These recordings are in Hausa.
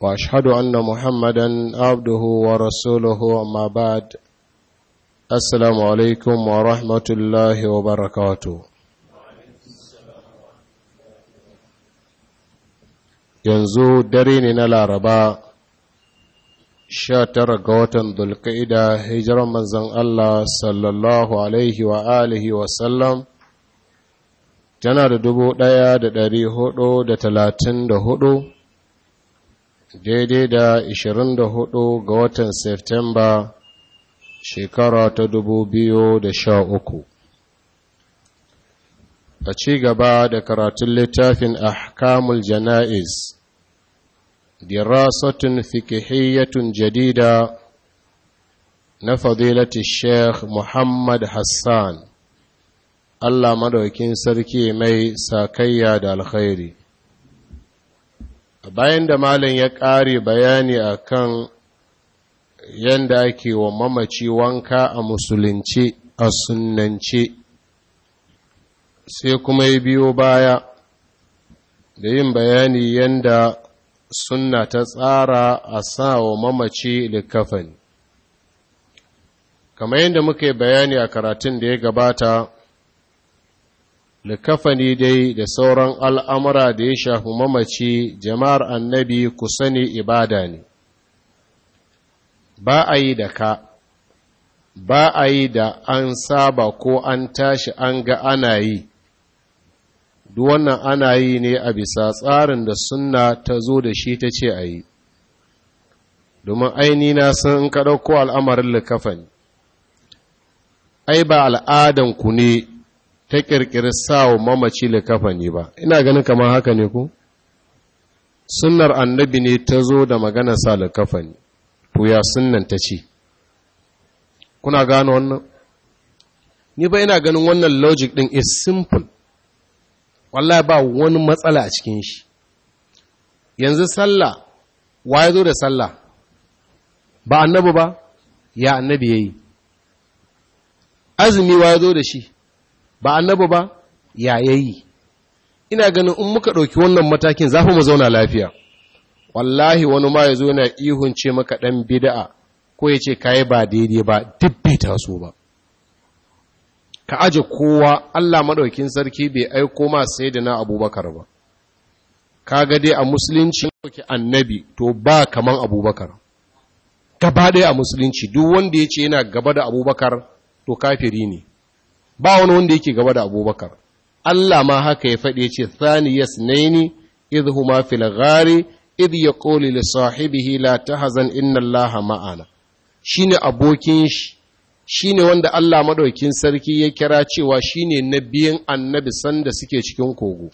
واشهد ان محمدا عبده ورسوله اما بعد السلام عليكم ورحمه الله وبركاته yanzu dare ne na laraba sha tara ga watan dulka'ida hijiran manzan Allah sallallahu alaihi wa alihi tana da dubu ɗaya da ɗari hudu da talatin da hudu daidai da 24 ga watan Septemba shekara ta 2013. A ci gaba da karatun littafin Ahkamul Jana'iz, dirasatun fikihiyyatun jadida na fadilati Sheikh Muhammad Hassan, Allah madaukin sarki mai sakayya da alkhairi. bayan da malam ya ƙare bayani a akan yadda ake wa mamaci wanka a musulunci a sunnance sai kuma ya biyo baya da yin bayani yadda sunna ta tsara a sa wa mamaci likafani kamar yadda muka yi bayani a karatun da ya gabata likafani dai da sauran al'amura da ya shafi mamaci jama'ar annabi ku sani ibada ne ba a yi da ka ba a yi da an saba ko an tashi an ga ana yi duk wannan ana yi ne a bisa tsarin da suna ta zo da shi ta ce a yi domin aini na san in ko ɗauko al'amarin likafani ai ba al'adanku ne ta ƙirƙiri sawo mamaci kafani ba ina ganin kama haka ne ku sunnar annabi ne ta zo da magana sa kafani, to ya sunnan ta ce kuna gano wannan ni ba ina ganin wannan logic din is simple wallahi ba wani matsala a cikin shi yanzu sallah wa ya zo da sallah ba annabi ba ya annabi ya yi. azumi wa ya zo da shi ba annabi ba ya yayi ina ganin in muka ɗauki wannan matakin za mu zauna lafiya wallahi wani ma ya zo yana ihun ce maka ɗan bida'a ko ya ce kayi ba daidai ba dubbe taso ba ka aje kowa Allah maɗaukin sarki bai aiko ma sayyidina da na abubakar ba kaga dai a musulunci ɗauki annabi to ba kaman abubakar gaba ɗaya a musulunci duk wanda yace yana gaba da abubakar to kafiri ne ba wani wanda yake gaba da abubakar Allah ma haka ya faɗi ya ce thaniyas naini idh huma fil ghari idh yaqulu li sahibihi la tahzan inna Allaha ma'ana shine abokin shi shine wanda Allah maɗaukin sarki ya kira cewa shine nabiyin annabi sanda suke cikin kogo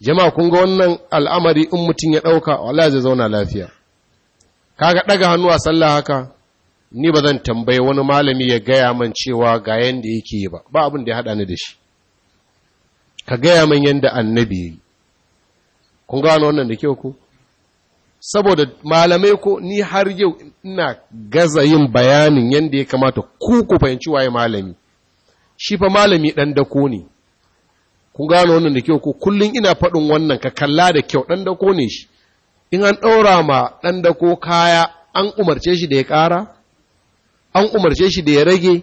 jama'a kun ga wannan al'amari in mutum ya ɗauka wala zai zauna lafiya kaga ɗaga hannu a sallah haka ni ba zan tambaye wani malami ya gaya man cewa ga yadda yake yi ba ba abin da ya haɗa ni da shi ka gaya man yadda annabi yi kun gano wannan da kyau ku saboda malamai ko ni har yau ina gaza yin bayanin yadda ya kamata ku ku fahimci waye malami shi fa malami ɗan dako ne kun gano wannan da kyau ko kullum ina faɗin wannan ka kalla da kyau ɗan dako ne shi in an ɗaura ma ɗan dako kaya an umarce shi da ya ƙara an umarce shi da ya rage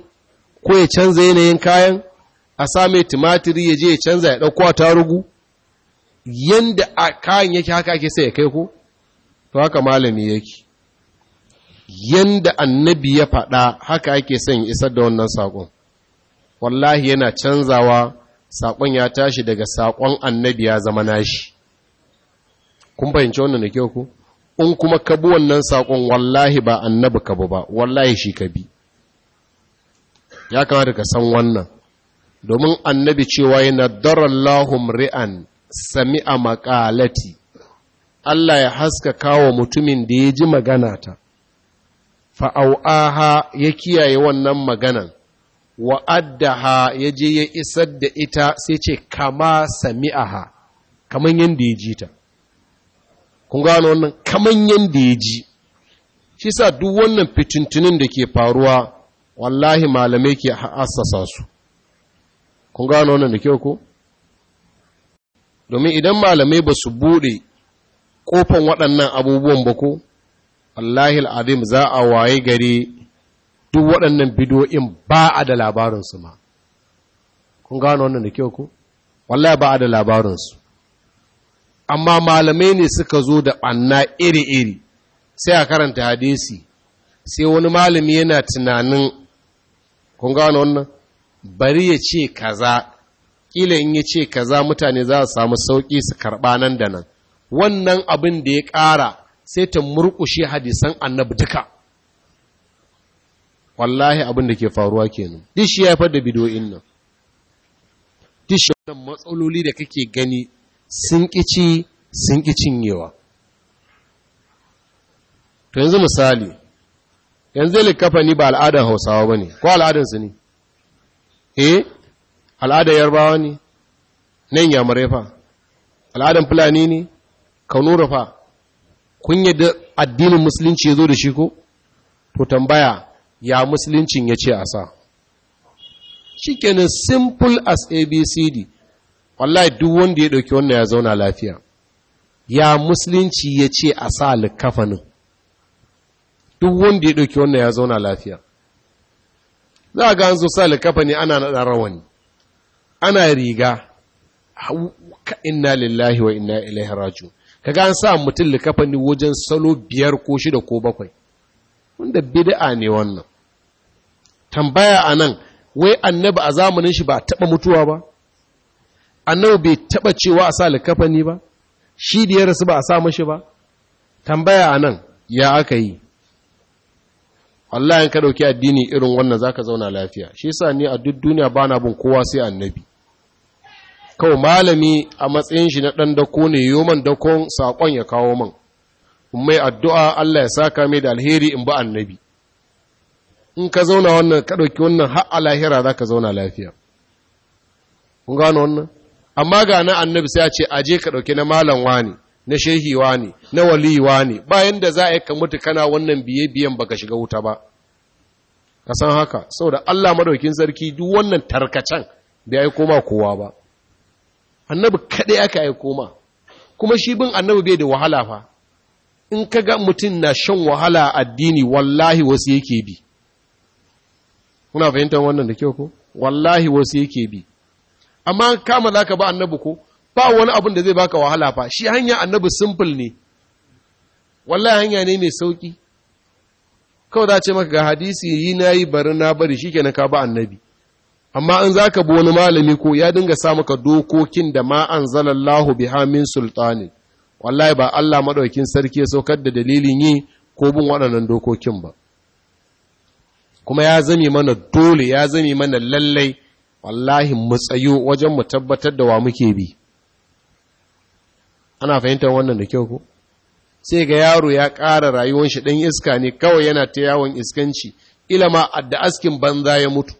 ko ya canza yanayin kayan a same tumatiri ya je ya canza ya ɗauko a tarugu yadda a kayan yake haka ake sai ya kai ko to haka malami yake yadda annabi ya faɗa haka ake son isar da wannan saƙon wallahi yana canzawa saƙon ya tashi daga saƙon annabi ya zama nashi kun fahimci wannan da kyau ku in kuma ka bi wannan saƙon wallahi ba annabi ka ba wallahi shi ka bi ya kamata ka san wannan domin annabi cewa yana lahum ri'an sami'a makalati. Allah ya haska kawo mutumin da ya ji magana ta fa'au'aha ya kiyaye wannan maganan wa'addaha ya je ya isar da ita sai ce kama sami'aha kamar yadda ya ji ta kun gano wannan kaman yanda ya ji shi sa duk wannan fitintunin da ke faruwa wallahi malamai ke assasa su kun gano wannan da kyau ko domin idan malamai ba su bude kofan waɗannan abubuwan ba ko wallahi al'adim za a waye gari duk waɗannan bidoyin ba a da labarinsu ma kun gano wannan da kyau ko wallahi ba a da labarinsu amma malamai ne suka zo da ɓanna iri-iri sai a karanta hadisi sai wani malami yana tunanin kun gano wannan bari ya ce kaza ƙila in ya ce kaza mutane za su samu sauƙi su karɓa nan da nan wannan abin da ya ƙara sai ta murƙushe hadisan annabi duka wallahi abin da ke faruwa kenan duk shi ya fada da bidoyin nan duk shi matsaloli da kake gani sun ƙici sun ƙi cinyewa to yanzu misali yanzu likafa ni ba al'adar hausawa ba ne ko al'adarsu ne eh al'adar yarbawa ne nan yamurai fa al'adar fulani ne kanura fa kun yadda addinin musulunci ya zo da shi ko to tambaya ya musuluncin ya ce a sa shi kenan simple as abcd wallahi duk wanda ya dauki wannan ya zauna lafiya ya musulunci ya ce a sa alkafanin duk wanda ya ɗauki wannan ya zauna lafiya za a ga an zo sa likafani ana naɗa rawani ana riga ka inna lillahi wa inna ilaihi ka ga an sa mutum likafani wajen salo biyar ko shida ko bakwai wanda bid'a ne wannan tambaya a nan wai annabi a zamanin shi ba a taɓa mutuwa ba annabi bai taba cewa a sa likafani ba shi da ya rasu ba a sa mashi ba tambaya anan, nan ya aka yi Allah yanka ɗauki addini irin wannan zaka zauna lafiya shi yasa ni a duk duniya ba na bin kowa sai annabi kawai malami a matsayin shi na dan dako ne yoman dakon sakon ya kawo man mai addu'a Allah ya saka mai da alheri in ba annabi in ka zauna wannan ka ɗauki wannan har a lahira za ka zauna lafiya kun gano wannan amma ga na annabi sai a ce aje ka ɗauki na malam wani na shehi wani na wali wani bayan da za a yi ka mutu kana wannan biye biyan baka shiga wuta ba ka san haka saboda Allah madaukin sarki duk wannan tarkacen bai aiko ma kowa ba annabi kaɗai aka aiko ma kuma shi bin annabi bai da wahala fa in ka ga mutum na shan wahala addini wallahi wasu yake bi kuna fahimtar wannan da kyau ko wallahi wasu yake bi amma kama za ka ba annabi ko ba wani abin da zai baka wahala fa shi hanya annabi simple ne wallahi hanya ne mai sauki kawai za ce maka ga hadisi yi na yi bari na bari shi ke ka ba annabi amma in za ka bi wani malami ko ya dinga sa maka dokokin da ma an zalallahu bi hamin sultani wallahi ba Allah maɗaukin sarki ya saukar da dalilin yi ko bin waɗannan dokokin ba kuma ya zame mana dole ya zame mana lallai wallahi mu tsayo wajen mu tabbatar da wa muke bi ana fahimtar wannan da kyau ko sai ga yaro ya ƙara rayuwar shi ɗan iska ne kawai yana ta yawon iskanci ilama adda askin banza ya mutu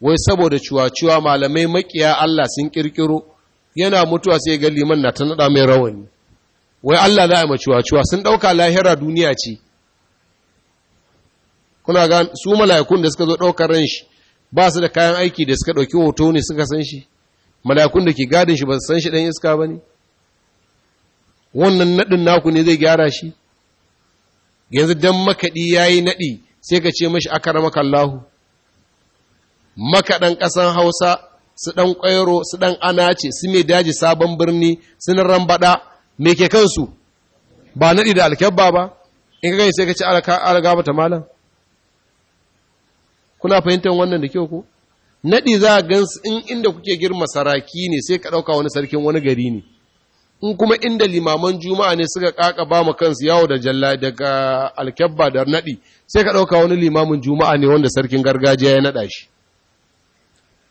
wai saboda cuwa-cuwa malamai makiya Allah sun kirkiro yana mutuwa sai ga liman na ta nada mai rawani wai Allah za a ma cuwa-cuwa sun ɗauka lahira duniya ce kuna ga su mala'ikun da suka zo ɗaukar ran shi ba su da kayan aiki da suka ɗauki hoto ne suka san shi malakun da ke gadin shi ba su san shi ɗan iska ba ne wannan naɗin naku ne zai gyara shi yanzu don makaɗi ya yi naɗi sai ka ce mashi aka rama kallahu makaɗan ƙasan hausa su ɗan ƙwairo su ɗan anace su mai daji sabon birni su na rambaɗa me ke kansu ba naɗi da alkyabba ba in ka gani sai ka ce alga ta malam kuna fahimtar wannan da kyau ko naɗi za a gansu in inda kuke girma saraki ne sai ka ɗauka wani sarkin wani gari ne in kuma inda limaman juma'a ne suka ƙaƙa ba kansu yawo da jalla daga alkabba da naɗi sai ka ɗauka wani limamin juma'a ne wanda sarkin gargajiya ya nada shi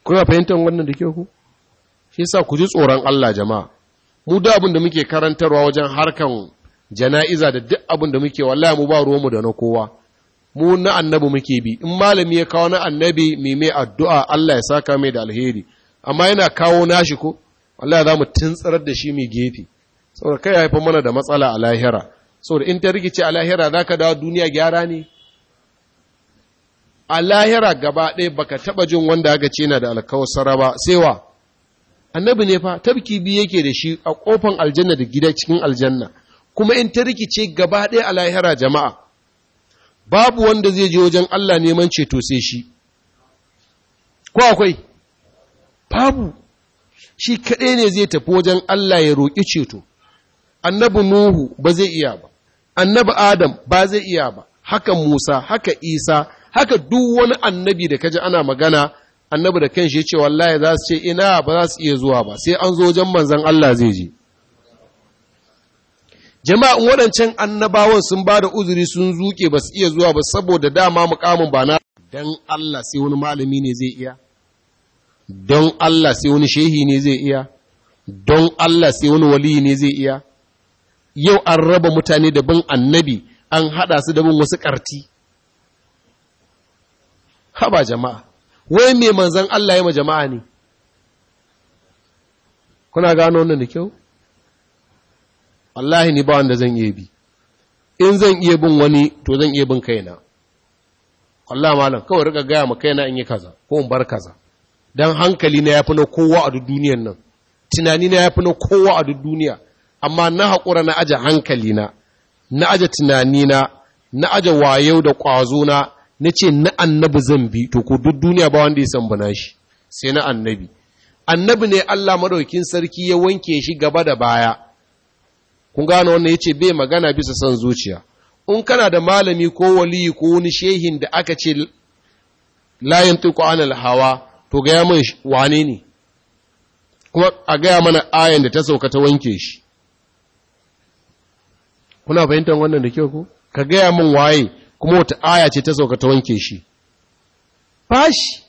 kuna fahimtar wannan da kyau ko, shi sa ku ji tsoron Allah jama'a mu da abin da muke karantarwa wajen harkan jana'iza da duk abin da muke wallahi mu ba ruwanmu da na kowa mu na annabi muke bi in malami ya kawo na annabi mai mai addu'a Allah ya saka mai da alheri amma yana kawo nashi ko Allah ya zamu tuntsar da shi mai gefe saboda kai ya haifar mana da matsala a lahira saboda in ta rikice a lahira za dawo duniya gyara ne a lahira gaba ɗaya baka taba jin wanda aka ce na da alkawasara ba sai wa annabi ne fa tabki biyu yake da shi a kofan aljanna da gida cikin aljanna kuma in ta rikice gaba ɗaya a lahira jama'a babu wanda zai je wajen Allah neman ceto sai shi ko akwai babu shi kaɗai ne zai tafi wajen Allah ya roƙi ceto annabi nuhu ba zai iya ba annabi adam ba zai iya ba haka musa haka isa haka duk wani annabi da kaji ana magana annabi da kanshi ya ce wallahi za su ce ina ba za su iya zuwa ba sai an zo wajen manzon Allah zai je jama'in waɗancan annabawan sun ba da uzuri sun zuke ba su iya zuwa ba saboda dama mukamin ba na don Allah sai wani malami ne zai iya don Allah sai wani shehi ne zai iya don Allah sai wani wali ne zai iya yau an raba mutane da bin annabi an hada su da bin wasu karti haba jama'a wai mai manzan Allah ya ma jama'a ne kuna gano wannan da kyau wallahi ni ba wanda zan iya bi in zan iya bin wani to zan iya bin kaina wallahi malam kawai rika gaya ma kaina in yi kaza ko in bar kaza dan hankali na yafi na kowa a duk duniyar nan tunani na yafi na kowa a duniya amma na haƙura na aje hankali na na aje tunani na na aje wayau da ƙwazo na na ce na annabi zan bi to ko duk duniya ba wanda ya san bana shi sai na annabi annabi ne Allah madaukin sarki ya wanke shi gaba da baya kun gane wannan yace bai magana bisa son zuciya in kana da malami ko waliyi ko wani shehin da aka ce layin tuku anil hawa to gaya mun wane ne kuma a gaya mana ayan da ta sauka ta wanke shi kuna fahimtar wannan da kyau ko ka gaya mun waye kuma wata aya ce ta sauka ta wanke shi fashi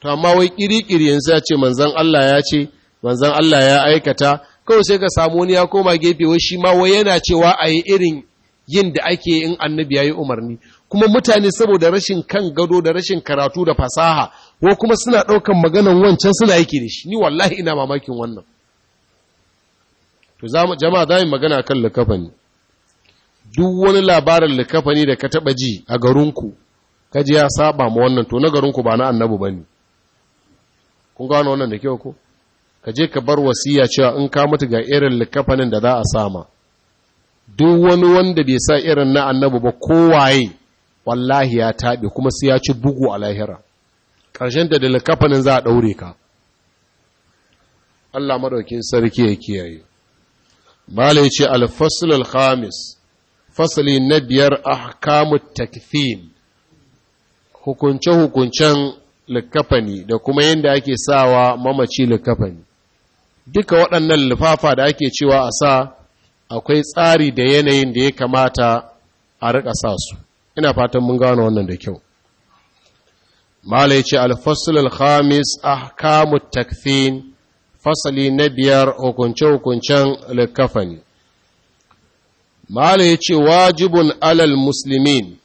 to amma wai kiri-kiri yanzu ya ce manzan Allah ya ce manzan Allah ya aikata kawai sai ka samu wani ya koma gefe wai shi ma wai yana cewa a yi irin yin da ake in annabi ya yi umarni kuma mutane saboda rashin kan gado da rashin karatu da fasaha ko kuma suna ɗaukan maganan wancan suna yake da shi ni wallahi ina mamakin wannan to jama'a za mu magana kan duk wani labarin likafani da ka taɓa ji a garinku kaji ya saba ma wannan to na garinku ba na annabu ba ne kun gano wannan da kyau ko ka je ka bar wasiya cewa in ka mutu ga irin likafanin da za a sama duk wani wanda bai sa irin na annabu ba kowaye wallahi ya taɓe kuma sai ya ci bugu a lahira ƙarshen da likafanin za a ɗaure ka Allah maɗaukin sarki ya kiyaye malai ce alfasul khamis fasali na biyar a kamun takfin hukunce-hukuncen likafani da kuma yadda ake sawa mamaci likafani duka waɗannan lifafa da ake cewa a sa akwai tsari da yanayin da ya kamata a riƙa sa su ina fatan mun gano wannan da kyau mala ya ce alfasul alhamis kamu takfin fasali na biyar hukunce-hukuncen likafani mala ya ce wajibun alal musulmin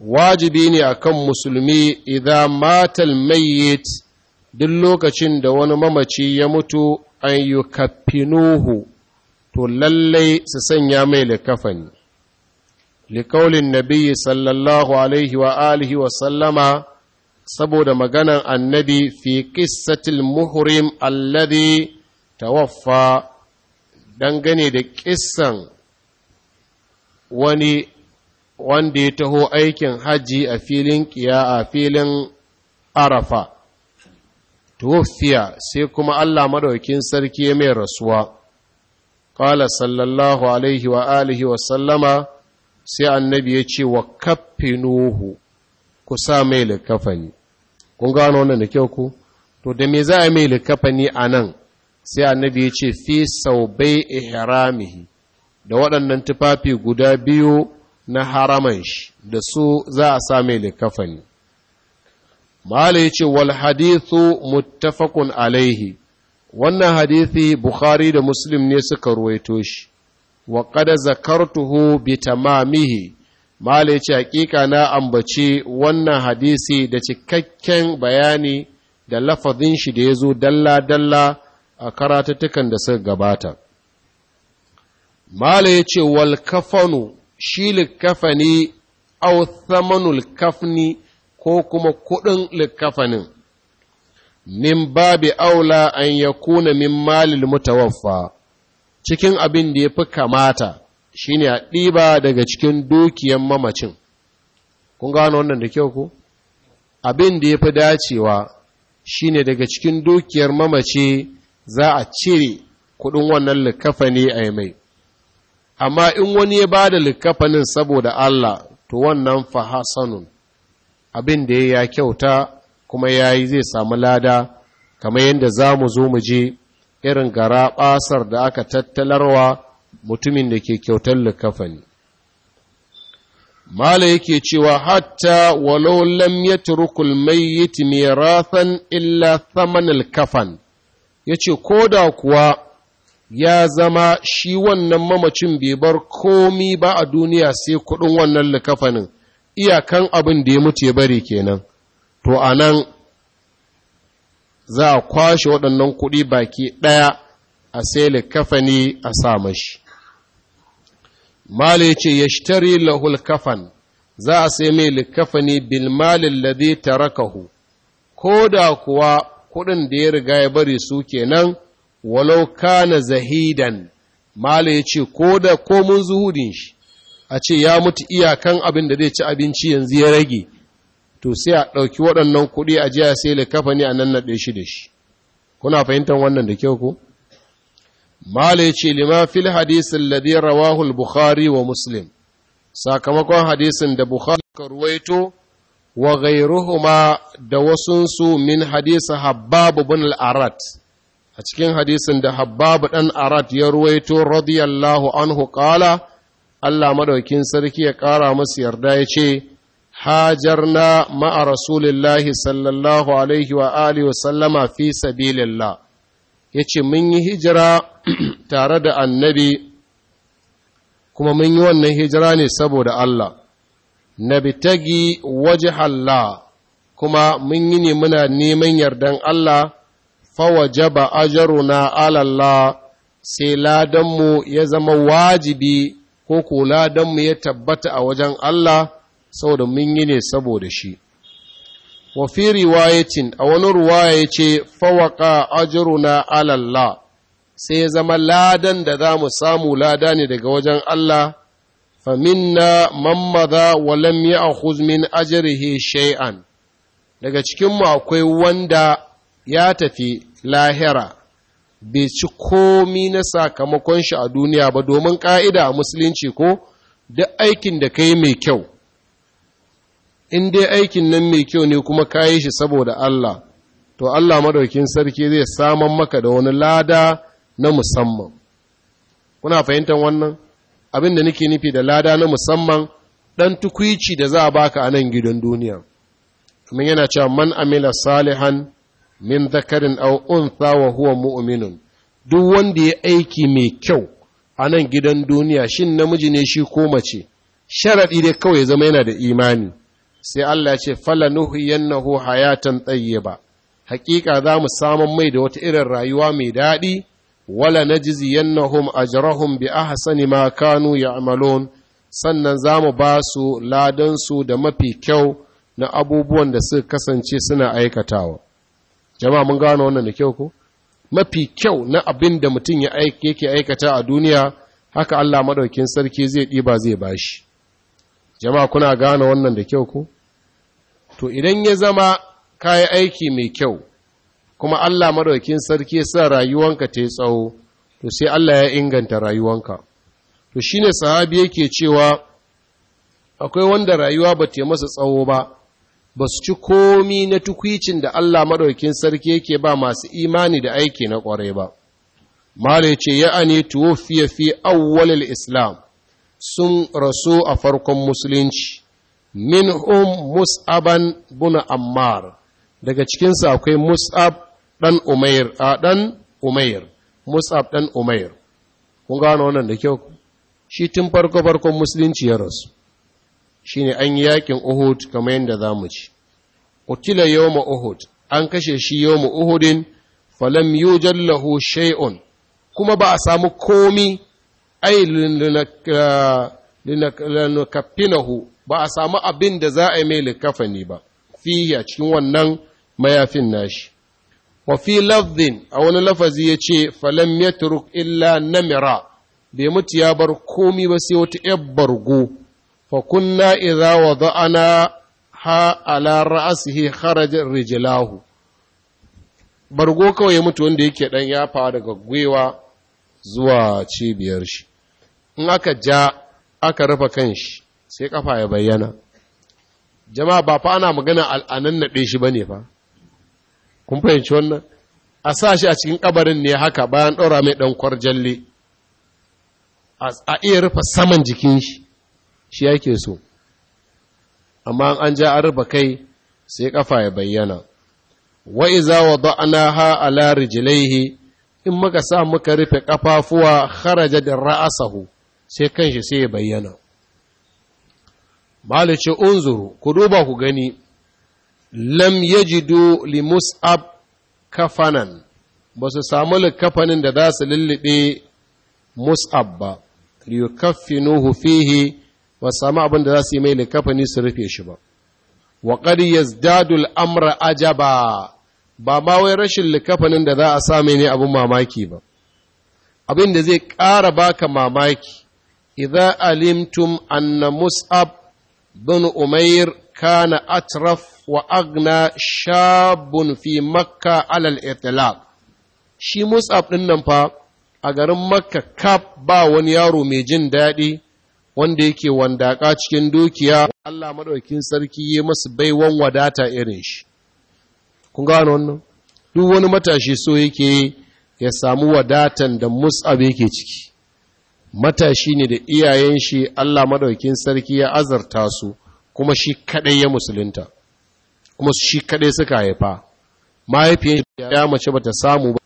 wajibi ne akan musulmi idan matal mayyit duk lokacin da wani mamaci ya mutu an yi kafinuhu to lallai su sanya mai likafani likaulin Nabiyyu, sallallahu alaihi wa alihi wa sallama saboda maganan annabi fi qissatil muhrim alladhi tawaffa dangane da kissan wani wanda ya taho aikin haji a filin kiya a filin arafa tuwafiya sai kuma Allah maɗaukin sarki ya mai rasuwa ƙala sallallahu alaihi wa alihi wa sallama sai annabi ya ce wa kaffi nuhu ku sa mai likafani kun gano wannan da kyau ku to da me za a mai likafani nan? sai annabi ya ce fi sau bai ihramihi da waɗannan tufafi guda biyu na haraman shi da su za a sa mai likafani mala ya ce wal hadithu muttafaqun alaihi wannan hadisi bukhari da muslim ne suka ruwaito shi wa qad zakartuhu bi tamamihi mala ya ce hakika na ambaci wannan hadisi da cikakken bayani da lafazin shi da ya zo dalla-dalla a karatattukan da suka gabata. Mala ya ce, Wal kafanu, shi likafani, au thamanul kafni, ko kuma kuɗin likafanin min babi aula an ya kuna min malil mutawaffa cikin abin da ya fi kamata shi ne a ɗiba daga cikin dukiyan mamacin kun gano wannan da kyau ku abin da ya fi dacewa shi ne daga cikin dukiyar mamaci za a cire kuɗin wannan likafani a yi mai amma in wani ya ba da likafanin saboda Allah to wannan fahasanun abin da ya kyauta kuma ya yi zai samu lada kamar yadda za mu zo mu je irin gara basar da aka tattalarwa mutumin da ke kyautar likafani mala yake cewa hatta walau lam yatrukul mayyit mirathan illa thaman al-kafan yace koda kuwa ya zama shi wannan mamacin bai bar komi ba a duniya sai kudin wannan likafanin iyakan abin da ya mutu ya bari kenan to a nan za a kwashe waɗannan kuɗi baki ɗaya a sai kafani a sa mashi mali ce ya shtari lahul kafan za a sai mai likafani bil malin ladhi tarakahu ko da kuwa kuɗin da ya riga ya bari su kenan walau kana zahidan mali ya ce ko da komun zuhudin shi a ce ya mutu iyakan abin da zai ci abinci yanzu ya rage to sai a ɗauki waɗannan kuɗi a jiya sai kafa ne a nan naɗe shi da shi kuna fahimtar wannan da kyau ko mala ya ce lima fil hadisin ladi Rawahul bukhari wa muslim sakamakon hadisin da bukhari ka ruwaito wa gairuhuma da wasunsu min hadisi habbab bin al-arat a cikin hadisin da habbab dan arat ya ruwaito radiyallahu anhu qala Allah madaukin sarki ya ƙara masu yarda ya ce, na ma'a Rasulullahi sallallahu Alaihi wa Alihi sallama fi sabilillah ya ce, Mun yi hijira tare da annabi, kuma mun yi wannan hijira ne saboda Allah, nabitagi waje Allah, kuma mun yi ne muna neman yardan Allah, fawajaba ajaruna Allah, sai ladanmu ya zama wajibi ko kula don mu ya tabbata a wajen Allah saboda mun yi ne saboda shi wa fi riwayatin a wani ruwaya ya ce fawaka ajiru na, alalla." sai ya zama ladan da za mu samu lada ne daga wajen Allah faminna mammaza wa lam huzmin huzmin ajrihi shay'an daga cikinmu akwai wanda ya tafi lahira bai ci komi na sakamakon shi a duniya ba domin ƙa'ida a musulunci ko duk aikin da ka yi mai kyau in dai aikin nan mai kyau ne kuma ka yi shi saboda Allah to Allah madaukin sarki zai saman maka da wani lada na musamman kuna fahimtar wannan abin da nake nufi da lada na musamman ɗan tukwici da za a baka a nan gidan duniya kuma yana cewa man amila salihan min zakarin aw untha wa huwa mu'minun duk wanda ya aiki mai kyau a nan gidan duniya shin namiji ne shi ko mace sharadi dai kawai zama yana da imani sai Allah ya ce falanuhiyannahu hayatan tayyiba hakika za mu saman mai da wata irin rayuwa mai daɗi wala najziyannahum ajrahum bi ahsani ma kanu ya'malun sannan za mu ba su ladansu da mafi kyau na abubuwan da suka kasance suna aikatawa jama'a mun gano wannan da kyau ko mafi kyau na abin da mutum ya yake aikata a duniya haka Allah madaukin sarki zai ɗiba zai bashi jama'a kuna gano wannan da kyau ko to idan ya zama kai aiki mai kyau kuma Allah madaukin sarki sa rayuwanka ta yi tsawo to sai Allah ya inganta rayuwanka to shine sahabi yake cewa akwai wanda rayuwa ba ta masa tsawo ba ba su ci komi na tukwicin da Allah maɗaukin sarki yake ba masu imani da aiki na ƙwarai ba. Mala ce ya'ani fiye fi awwalil Islam sun rasu a farkon Musulunci, minhum Mus'aban buna Ammar, daga cikinsa akwai Mus'ab ɗan Umair, a ɗan Umair, Mus'ab ɗan Umair. Kun gano wannan da kyau? Shi tun farko farkon Musulunci ya rasu. shine an yi yakin Uhud kamar yadda za mu ci yau ma Uhud an kashe shi yauma Uhudin falam yujal jallahu shay'un kuma ba a samu komi ai linakafinahu, ba a samu abin da za a yi mai likafani ba fihi a cikin wannan mayafin nashi wa fi lafzin a wani lafazi ya ce falam yatruk illa namira bai mutu ya bar komi ba sai wata yar bargo fa kunna idza wada'ana ha ala ra'sihi kharaja bargo kawai ya mutu wanda yake ɗan yafa daga gwiwa zuwa cibiyar shi in aka ja aka rufe kan shi sai kafa ya bayyana jama'a ba fa ana magana al'anan naɗe shi bane fa kun fahimci wannan a sa shi a cikin kabarin ne haka bayan ɗaura mai ɗan kwarjalle a iya rufe saman jikin shi shi yake so amma an ja a arba kai sai kafa ya bayyana wa iza ha ala rijlaihi in muka sa muka rufe kafafuwa kharaja da ra'asahu sai kanshi sai ya bayyana malice unzuru ku duba ku gani lam yajidu li mus'ab kafanan ba su samu likafanin da za su lullube mus'ab ba liyukaffinuhu fihi ba samu abin da za su yi mai likafani su rufe shi ba wa qad yazdadul amra ajaba ba ma wai rashin likafanin da za a same ne abin mamaki ba abin da zai ƙara baka mamaki idza alimtum anna mus'ab bin umair kana atraf wa agna shabun fi makka alal itlaq shi mus'ab din nan fa a garin makka kaf ba wani yaro mai jin daɗi wanda yake wandaka cikin dukiya Allah madaukakin sarki ya masa baiwan wadata irin shi kun gano wannan duk wani matashi so yake ya samu wadatan da abin yake ciki matashi ne da iyayen shi Allah madaukakin sarki ya azarta su kuma shi kadai ya musulunta kuma shi kadai suka haifa mahaifiyar ya mace bata samu ba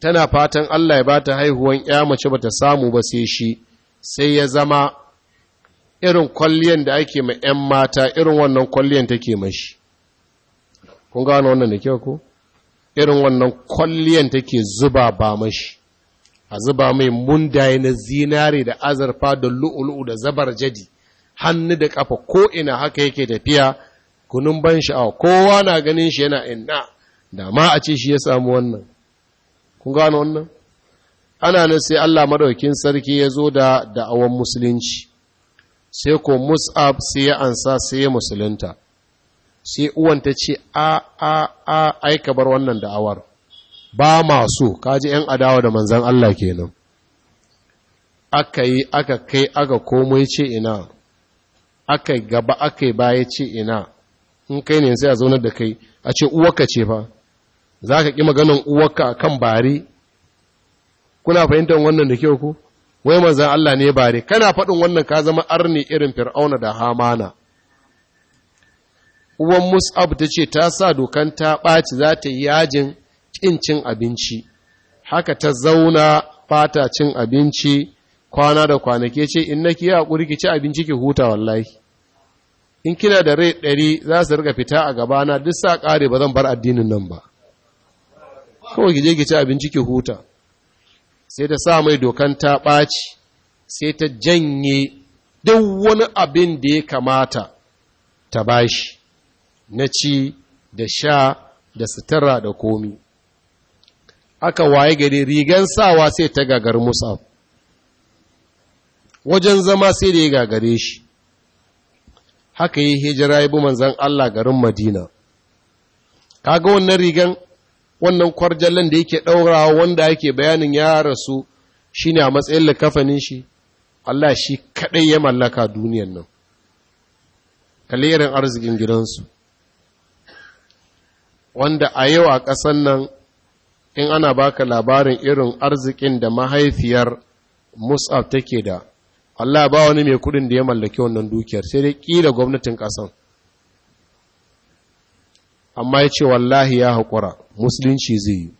tana fatan Allah ya bata haihuwan ya mace bata samu ba sai shi sai ya zama irin kwalliyan da ake ma 'yan mata irin wannan kwalliyan take mashi kun gano wannan da kyau ko irin wannan kwalliyan take zuba ba mashi a zuba mai mundaye na zinare da azurfa da lu'ulu'u da zabar jadi hannu da kafa ko'ina haka yake tafiya kunun ban sha'awa kowa na ganin shi yana inna da ma a ce shi ya samu wannan kun gano wannan ana nan sai Allah madaukin sarki ya zo da da'awar musulunci sai ko mus'ab sai ya ansa sai ya musulunta sai uwan ta ce a a a ka bar wannan da'awar ba ma so kaji yan adawa da manzon Allah kenan aka yi aka kai aka komai ce ina aka gaba aka baya ce ina in kai ne sai a zaunar da kai a ce uwaka ce fa za ka ƙi maganin uwaka a kan bari kuna fahimtar wannan da kyau ku? wai manzan Allah ne bare kana faɗin wannan ka zama arni irin fir'auna da hamana uwan mus'ab ta ce ta sa dokan ta ɓaci za ta yi yajin ƙin cin abinci haka ta zauna fata cin abinci kwana da kwanake ce in naki ya haƙuri ki ci abinci ki huta wallahi in kina da rai ɗari za su riƙa fita a gabana duk sa ƙare ba zan bar addinin nan ba kawai ki je ki ci abinci ki huta sai ta sa mai dokan ta ɓaci sai ta janye duk wani abin da ya kamata ta bashi na ci da sha da sutura da komi aka waye gari rigan sawa sai ta gagar musa, wajen zama sai da ya gagare shi haka yi hijira ya bi manzan Allah garin Madina kaga wannan rigan wannan kwarjallan da yake ɗaurawa wanda yake bayanin ya rasu shi ne a matsayin likafanin shi Allah shi kaɗai ya mallaka duniyan nan kalerin arzikin gidansu wanda a yau a ƙasan nan in ana baka labarin irin arzikin da mahaifiyar mus'ab take da Allah ba wani mai kuɗin da ya mallaki wannan dukiyar sai dai ƙila gwamnatin ƙasan amma ya ce wallahi ya haƙura musulunci zai yi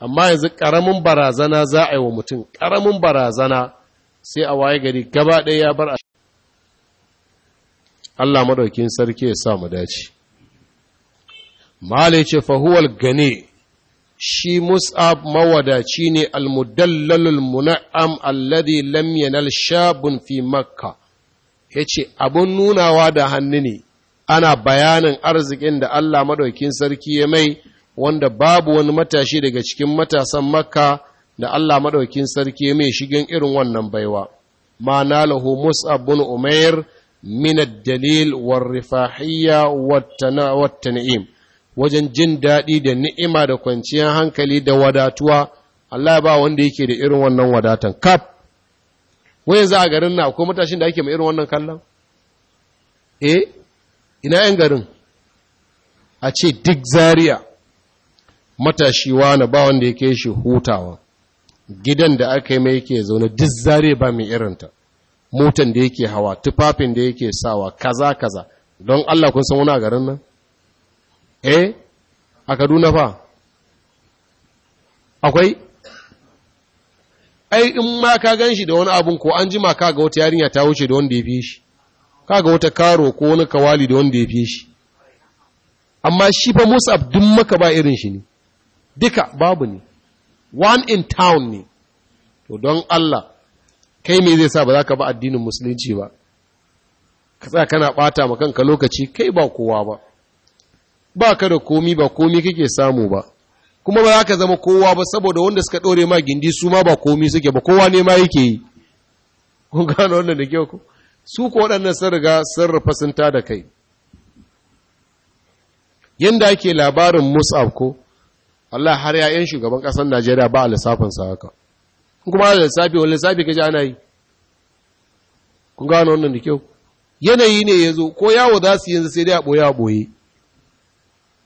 amma yanzu ƙaramin barazana za a yi wa mutum ƙaramin barazana sai a waye gari gaba ɗaya ya bar a Allah maɗaukin sarki ya sa mu dace ya ce fahuwal gane shi Mus'ab mawadaci ne almudallalul muna'am alladhi lam yanal shabun fi makka yace abun nunawa da hannu ne ana bayanin arzikin da Allah maɗaukin sarki ya mai wanda babu wani matashi daga cikin matasan makka da Allah maɗaukin sarki ya mai shigin irin wannan baiwa ma nalahu mus'ab bin umair min ad-dalil war-rifahiyya wat-tan'im wajen jin daɗi da ni'ima da kwanciyar hankali da wadatuwa Allah ba wanda yake da irin wannan wadatan kaf wai yanzu a garin na akwai matashin da ake mai irin wannan kallon eh ina yan garin a ce duk zariya matashi wani ba wanda yake shi hutawa gidan da aka yi mai yake zaune duk zariya ba mai irinta motan da yake hawa tufafin da yake sawa kaza kaza don Allah kun san wani garin nan eh a Kaduna fa akwai ai in ma ka gan shi da wani abun ko an jima ka ga wata yarinya ta wuce da wanda ya fi shi kaga wata karo ko wani kawali da wanda ya fi shi amma shi fa musa duk maka ba irin shi ne duka babu ne one in town ne to don Allah kai me zai sa ba za ka ba addinin musulunci ba ka tsaya kana bata ma kanka lokaci kai ba kowa ba ba ka da komi ba komi kake samu ba kuma ba za ka zama kowa ba saboda wanda suka ɗore ma gindi su ma ba komi suke ba kowa ne ma yake yi kun gano wannan da kyau ku su ko waɗannan sun riga sun rufa sun da kai yadda ake labarin mus'ab ko Allah har yayan shugaban ƙasar Najeriya ba a lissafinsa haka kuma da lissafi wani lissafi kaji ana yi kun gano wannan da kyau yanayi ne ya zo ko yawo za su yanzu sai dai a ɓoye a ɓoye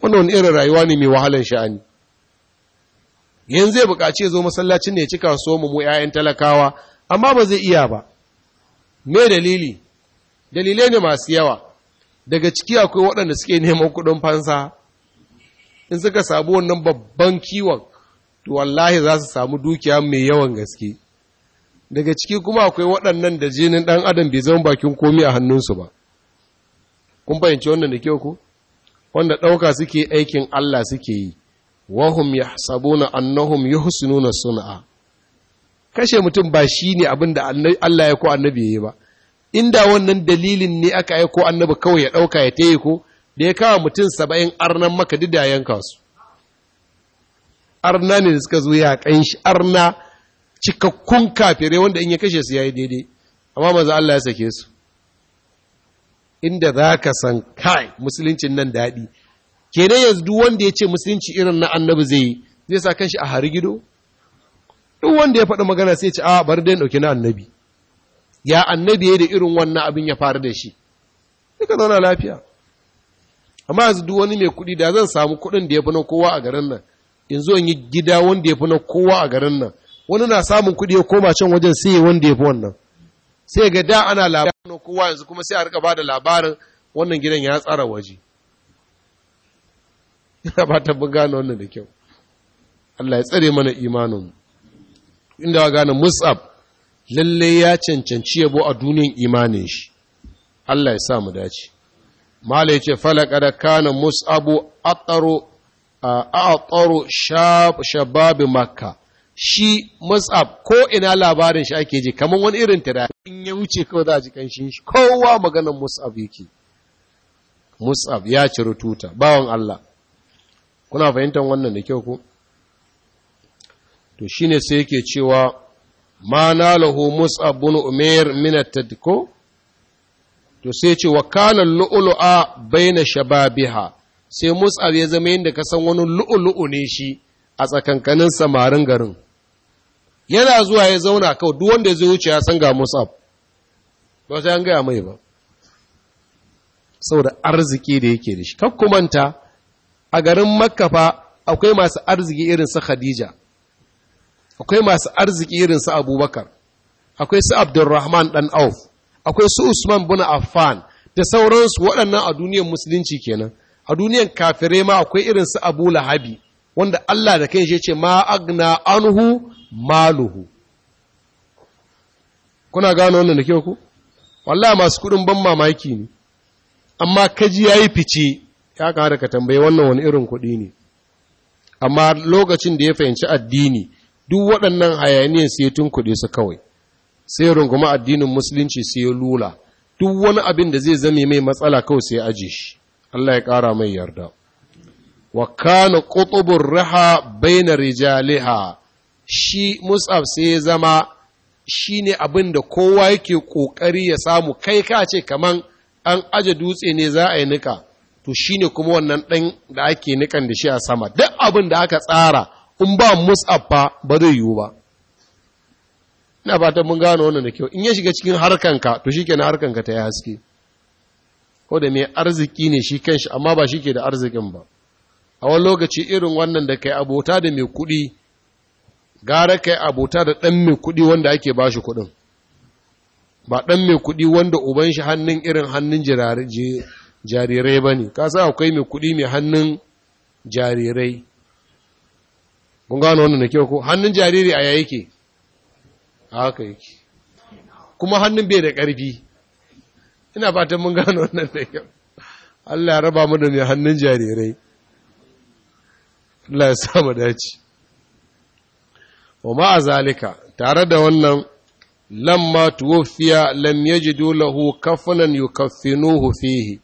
wannan irin rayuwa ne mai wahalar sha'ani yanzu ya buƙaci ya zo masallacin ne ya cika so mu mu 'ya'yan talakawa amma ba zai iya ba me dalili dalilai ne masu yawa daga ciki akwai waɗanda suke neman kuɗin fansa in suka sabu wannan babban kiwon to wallahi za su samu dukiya mai yawan gaske daga ciki kuma akwai waɗannan da jinin ɗan adam bai zama bakin komi a hannunsu ba kun fahimci wannan da kyau ku wanda ɗauka suke aikin Allah suke yi wahum ya sabuna annahum nuna sun'a kashe mutum ba shi ne abin da Allah ya ko annabi ya yi ba inda wannan dalilin ne aka yi ko annabi kawai ya ɗauka ya taiko ko da ya kawo mutum saba'in arnan maka duk da yanka su arna ne suka zo ya shi arna cikakkun kafirai wanda in ya kashe su ya yi daidai amma maza Allah ya sake su inda za ka san kai musuluncin nan daɗi kenan yanzu duk wanda ya ce musulunci irin na annabi zai yi zai sa shi a harigido gido duk wanda ya faɗi magana sai ce a ah, bari dai ɗauki na annabi ya annabi ya da irin wannan abin ya faru da shi duka zauna lafiya amma yanzu duk wani mai kuɗi da zan samu kuɗin da ya fi na kowa a garin nan in zo in yi gida wanda ya fi na kowa a garin nan wani na samun kuɗi ya koma can wajen sai wanda ya fi wannan sai ga da ana labarin na kowa yanzu kuma sai a rika bada labarin wannan gidan ya tsara waje ina ba ta gane wannan da kyau Allah ya tsare mana imaninmu inda wa gane mus'ab lalle ya cancanci yabo a duniyan imanin shi Allah ya sa mu dace mala yace falaqad kana mus'abu ataru a'taru shab shabab makka shi mus'ab ko ina labarin shi ake ji kamar wani irin tada in ya wuce ko za a ji kanshin shi kowa maganar mus'ab yake mus'ab ya ciri tuta bawon Allah kuna fahimtar wannan da kyau ko to shi ne sai yake cewa ma na mus'ab bin umair min tadko to sai ce wa kana lu'lu'a baina shababiha sai mus'ab ya zama yadda ka san wani lu'lu'u ne shi a tsakankanin samarin garin yana zuwa ya zauna kau duk wanda zai wuce ya san ga mus'ab ba sai an gaya mai ba saboda arziki da yake da shi kakkumanta a garin makka fa akwai masu arziki irin su khadija akwai masu arziki irin su abubakar akwai su abdulrahman dan auf akwai su usman bin affan da sauransu waɗannan a duniyar musulunci kenan a duniyar kafirai ma akwai irin su abu lahabi wanda allah da kai ce ma agna anhu maluhu kuna gano wannan da kyau ku wallah masu kuɗin ban mamaki ne amma kaji yi fice ya da ka tambaye wannan wani irin kuɗi ne amma lokacin da ya fahimci addini duk waɗannan hayaniyar sai tun kuɗe su kawai sai runguma addinin musulunci sai ya lula duk wani abin da zai zame mai matsala kawai sai aje shi Allah ya ƙara mai yarda wa kana qutubur riha baina rijaliha shi mus'ab sai ya zama shine abin da kowa yake kokari ya samu kai ka ce kaman an aje dutse ne za a yi nika to shine kuma wannan ɗan da ake nikan da shi a sama duk abin da aka tsara in ba mus'ab ba zai yiwu ba ina fatan mun gano wannan da kyau in ya shiga cikin harkanka to shi ke na harkanka ta yi haske ko da mai arziki ne shi kanshi amma ba shi ke da arzikin ba a wani lokaci irin wannan da kai abota da mai kuɗi gara kai abota da ɗan mai kuɗi wanda ake ba shi kuɗin ba ɗan mai kuɗi wanda uban shi hannun irin hannun jarirai ba ne ka sa akwai mai kuɗi mai hannun jarirai kun gano wannan da kyau ko hannun jariri a yayi ke haka yake kuma hannun bai da ƙarfi ina fatan mun gano wannan da kyau Allah ya raba mu da mai hannun jarirai Allah ya sa mu dace wa ma zalika tare da wannan lamma tuwfiya lam yajidu lahu kafanan yukaffinuhu fihi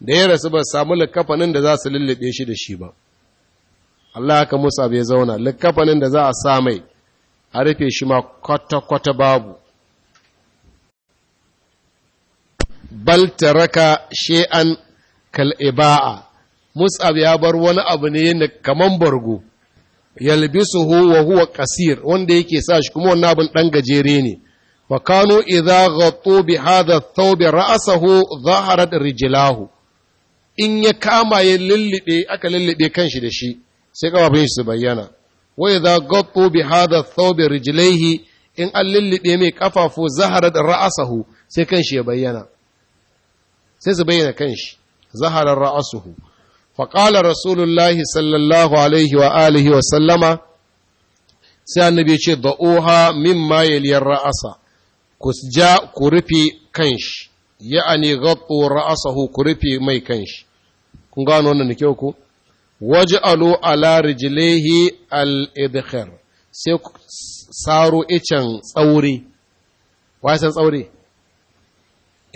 da ya rasu ba samu likafanin da za su lullube shi da shi ba Allah ka Musa bai zauna likafanin da za a sa mai a rufe shi ma kwata-kwata babu bal taraka shay'an kal iba'a Musa ya bar wani abu ne kaman bargo yalbisuhu wa huwa kasir wanda yake sa shi kuma wannan abin ɗan gajere ne fa kanu idza ghattu bi hadha thawb ra'sahu zaharat rijlahu in ya kama ya lullube aka lullube kanshi da shi sai kafafun shi su bayyana wa idza ghattu bi hadha thawb rijlaihi in an mai kafafu zaharat ra'asahu sai kanshi ya bayyana sai su bayyana kanshi zaharar ra'asuhu faƙala rasulullahi sallallahu alaihi wa alihi wa sallama sai annabi ya ce da'uha mimma yaliyar ra'asa ku ja ku rufe kanshi ya'ani ghattu ra'asahu ku rufe mai kanshi kun gano wannan da kyau ku waj'alu ala rijlihi al-idkhar sai saro icen tsauri wai san tsauri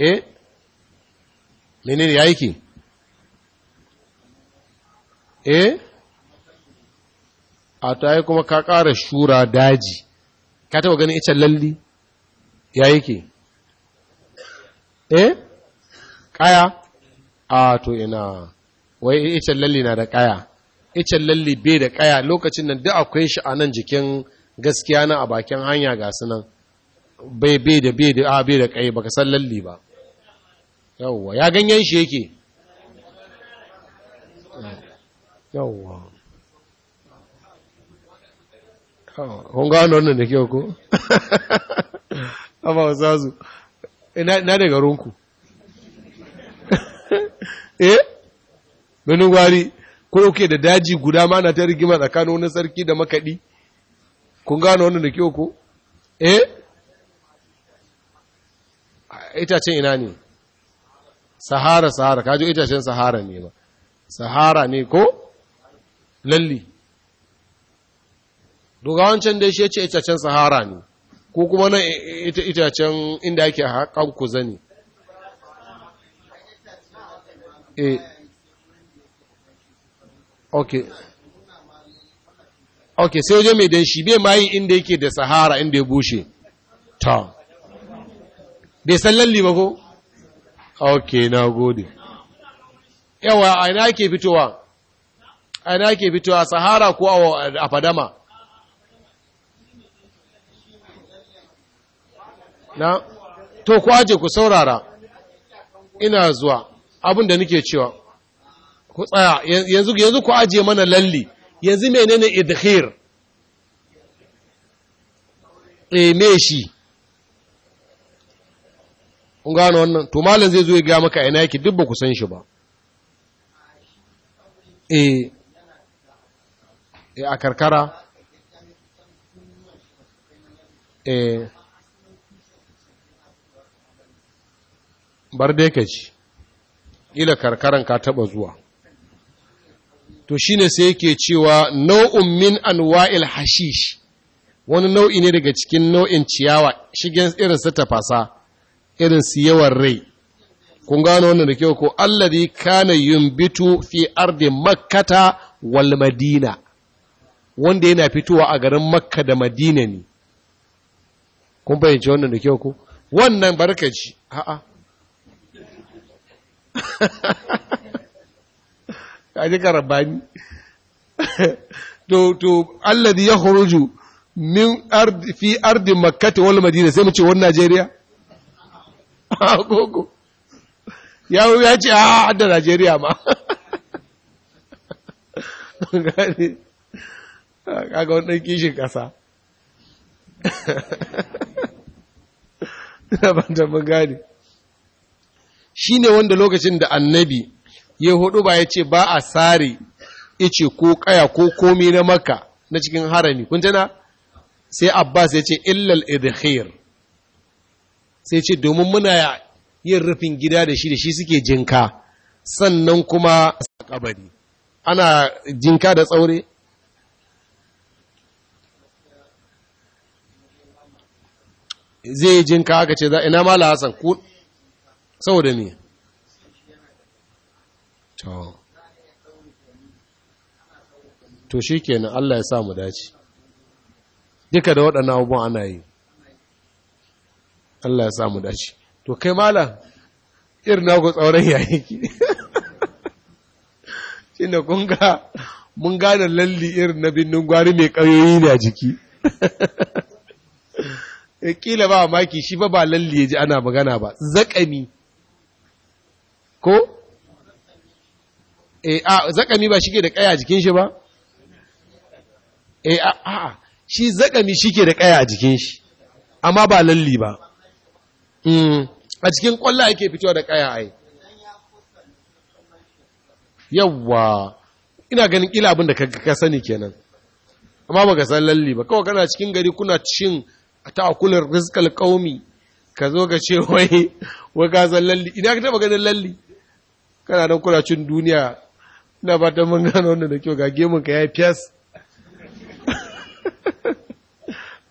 eh menene yayi ki eh a ta yi kuma ka ƙara shura daji ka taɓa ganin icen lalli ya ke. eh ƙaya a to ina wai icen lalle na da kaya icen lalle bai da kaya lokacin nan duk akwai shi a nan jikin gaskiya na a bakin hanya ga su nan bai be da bai da bai da kai baka san lalle ba yawwa ya ganyen shi yake yawwa kun gano wannan da kyau ko amma za su daga rinku eh ganin wari ko ke da daji guda ma na ta rigima tsakanin wani sarki da makaɗi kun gano wani da kyau ko eh itacen ina ne sahara sahara kaji itacen sahara ne ba sahara ne ko lalli dogawancin da shi ya ce itacen sahara ne ko kuma nan itacen inda ake haƙan ku ne eh ok ok sai je mai danshi bai mayin inda yake da sahara inda ya bushe ta bai san lalli ba ko ok na gode yawa a ina ke fitowa a ina ke fitowa sahara ko a fadama na to ku aje ku saurara ina zuwa abin da nake cewa ku tsaya yanzu yanzu ku aje mana lalle yanzu menene idkhir e me shi kun gano wannan to malam zai zo ya ga maka ina yake duk ba ku san shi ba eh, eh a karkara e bar dai ka ci ila karkaran ka taba zuwa to shine sai yake cewa nau'un min anwa'il hashish wani nau'i ne daga cikin nau'in ciyawa shigen irin sa tafasa irin su yawan rai kun gano wannan da kyau ko alladhi kana bitu fi ardi makkata wal madina wanda yana fitowa a garin makka da madina ne kun fahimci wannan da kyau ko wannan barkaci a'a ka ji to to alladhi yakhruju min ard fi ardi makkah wal madina sai mu ce wannan Najeriya gogo ya ya ce ah da Najeriya ma kaga wannan kishin kasa ina ban da mun gane shine wanda lokacin da annabi ya hudu ba ya ce ba a sare ice ko kaya ko komi na maka na cikin harami kun jana sai abbas ya ce illal idhir sai ce domin muna yin rufin gida da shi da shi suke jinka sannan kuma kabari ana jinka da tsaure zai jinka aka ce za ina mala hasan ku saboda ne to shi kenan Allah ya sa mu dace duka da waɗannan abubuwan ana yi Allah ya sa mu dace to kai malam irin na ku tsauran yayi ki shi kun ga mun gane lalli irin na binnin gwari mai ƙayoyi ne a jiki ƙila eh, ba maki shi ba ba lalli ya ji ana magana ba zakami ko eh a zakami ba shike da kaya a jikin shi ba eh a a shi zakami shike da kaya a jikin shi amma ba lalli ba mm a cikin kwalla ake fitowa da kaya ai yawwa ina ganin kila abin da ka sani kenan amma baka san lalli ba kawai kana cikin gari kuna cin ta'akular rizqal qaumi ka zo ka ce wai wai ka san lalli ina ka taba ganin lalli kana don kuna cin duniya na fatan mun gano wanda da kyau ga gemun ka ya fiyas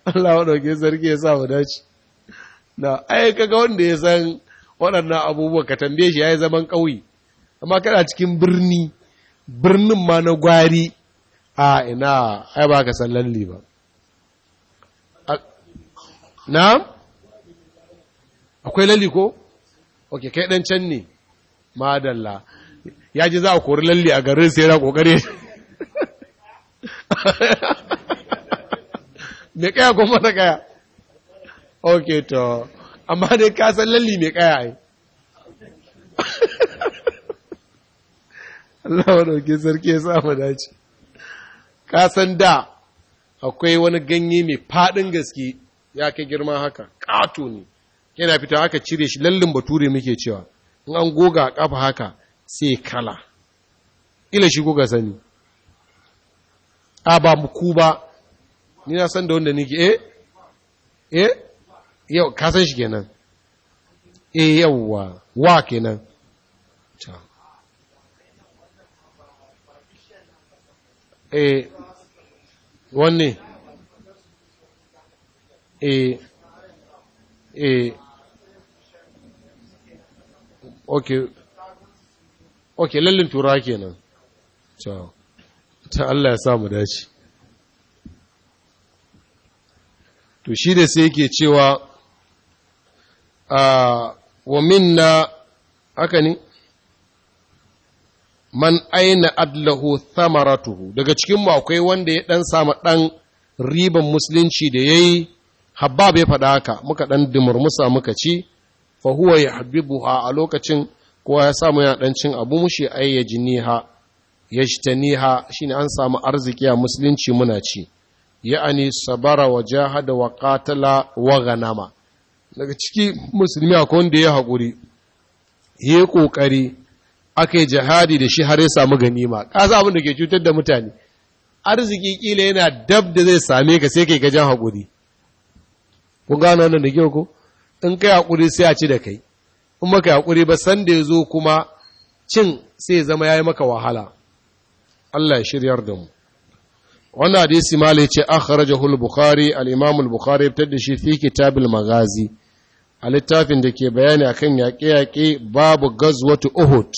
Allah wa ɗauke sarki ya sa mu dace na ai kaga wanda ya san waɗannan abubuwa ka tambaye shi ya yi zaman ƙauye amma kana cikin birni birnin ma na gwari a ina ai ba ka san lalle ba na akwai lalli ko? ok kai ɗan can ne madalla ya ji za a kori lalle a garin sai yana kokare Me kaya ko mara kaya ok to amma dai ka san lalle me kaya ai Allah wa dauke sarki ya samu dace ka san da akwai wani ganye mai fadin gaske ya kai girma haka ƙato ne yana fita aka cire shi lallin bature muke cewa in an goga a ƙafa haka sai kala ila shi kuka sani a ba mu ku ba ni na san da wanda nake eh eh yau ka san shi kenan eh yauwa wa kenan eh wanne eh eh okay ok lallin tura kenan nan ta Allah ya samu dace to shi da sai yake cewa a wa minna haka ne man aina adlahu thamaratuhu daga cikin mu akwai wanda ya dan samu dan riban musulunci da yayi habbab ya faɗa haka muka dan dimurmusa muka ci fa huwa yahbibuha a lokacin kowa ya samu yana ɗan cin abu mushi ai ya jiniha ya shi ne an samu arziki a musulunci muna ci ani sabara wa jahada wa wakatala wa ganama daga ciki musulmi akwai wanda ya haƙuri ya yi ƙoƙari aka yi jihadi da shi har ya samu ganima ƙasa abin da ke cutar da mutane arziki ƙila yana dab da zai same ka sai kai gajen haƙuri ku gano wannan da ko in kai haƙuri sai a ci da kai in maka hakuri ba sanda ya zo kuma cin sai zama ya yi maka wahala Allah ya shiryar da mu wannan hadisi mali ce akhrajahu Hul bukhari al-imam al-bukhari fitar da shi fi kitabil magazi a littafin da ke bayani akan yaƙe-yaƙe babu gazwatu uhud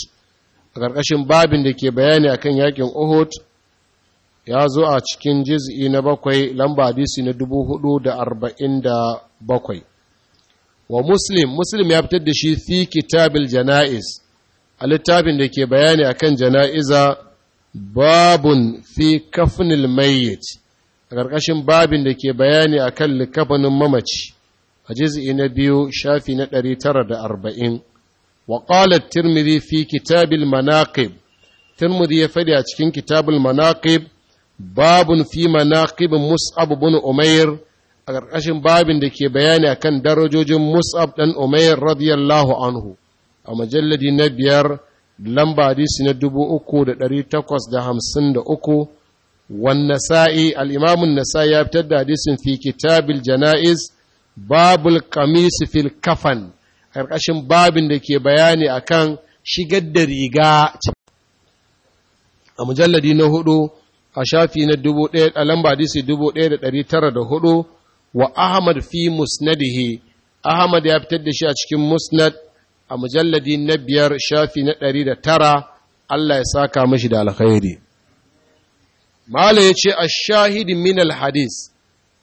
a ƙarƙashin babin da ke bayani akan yaƙin uhud ya zo a cikin jiz'i na bakwai lamba hadisi na dubu hudu da arba'in da bakwai wa muslim muslim ya fitar da shi fi kitabil jana'iz a littafin da ke bayani akan jana'iza babun fi kafnil mayyit a ƙarƙashin babin da ke bayani akan likafanin mamaci a jiz'i na biyu shafi na ɗari tara da arba'in wa ƙalar tirmidhi fi kitabil manaqib tirmidhi ya faɗi a cikin kitabil manaqib babun fi manaqib mus'ab bin umair a ƙarƙashin babin da ke bayani akan darajojin Mus'ab ɗan Umair radiyallahu anhu a majalladi na biyar lamba hadisi na dubu uku da ɗari takwas da hamsin da uku wanne sa'i al'imamun nasa'i ya fitar da hadisin fi kitabil jana'iz babul kamis fil kafan ƙarƙashin babin da ke bayani akan shigar da riga a mujalladi na hudu a shafi na dubu ɗaya a lamba hadisi dubu ɗaya da ɗari tara da hudu wa Ahmad fi musnadihi Ahmad ya fitar da shi a cikin musnad a mujalladi na biyar shafi na ɗari da tara Allah ya saka mashi da alkhairi Mala ya ce a shahidi min hadis,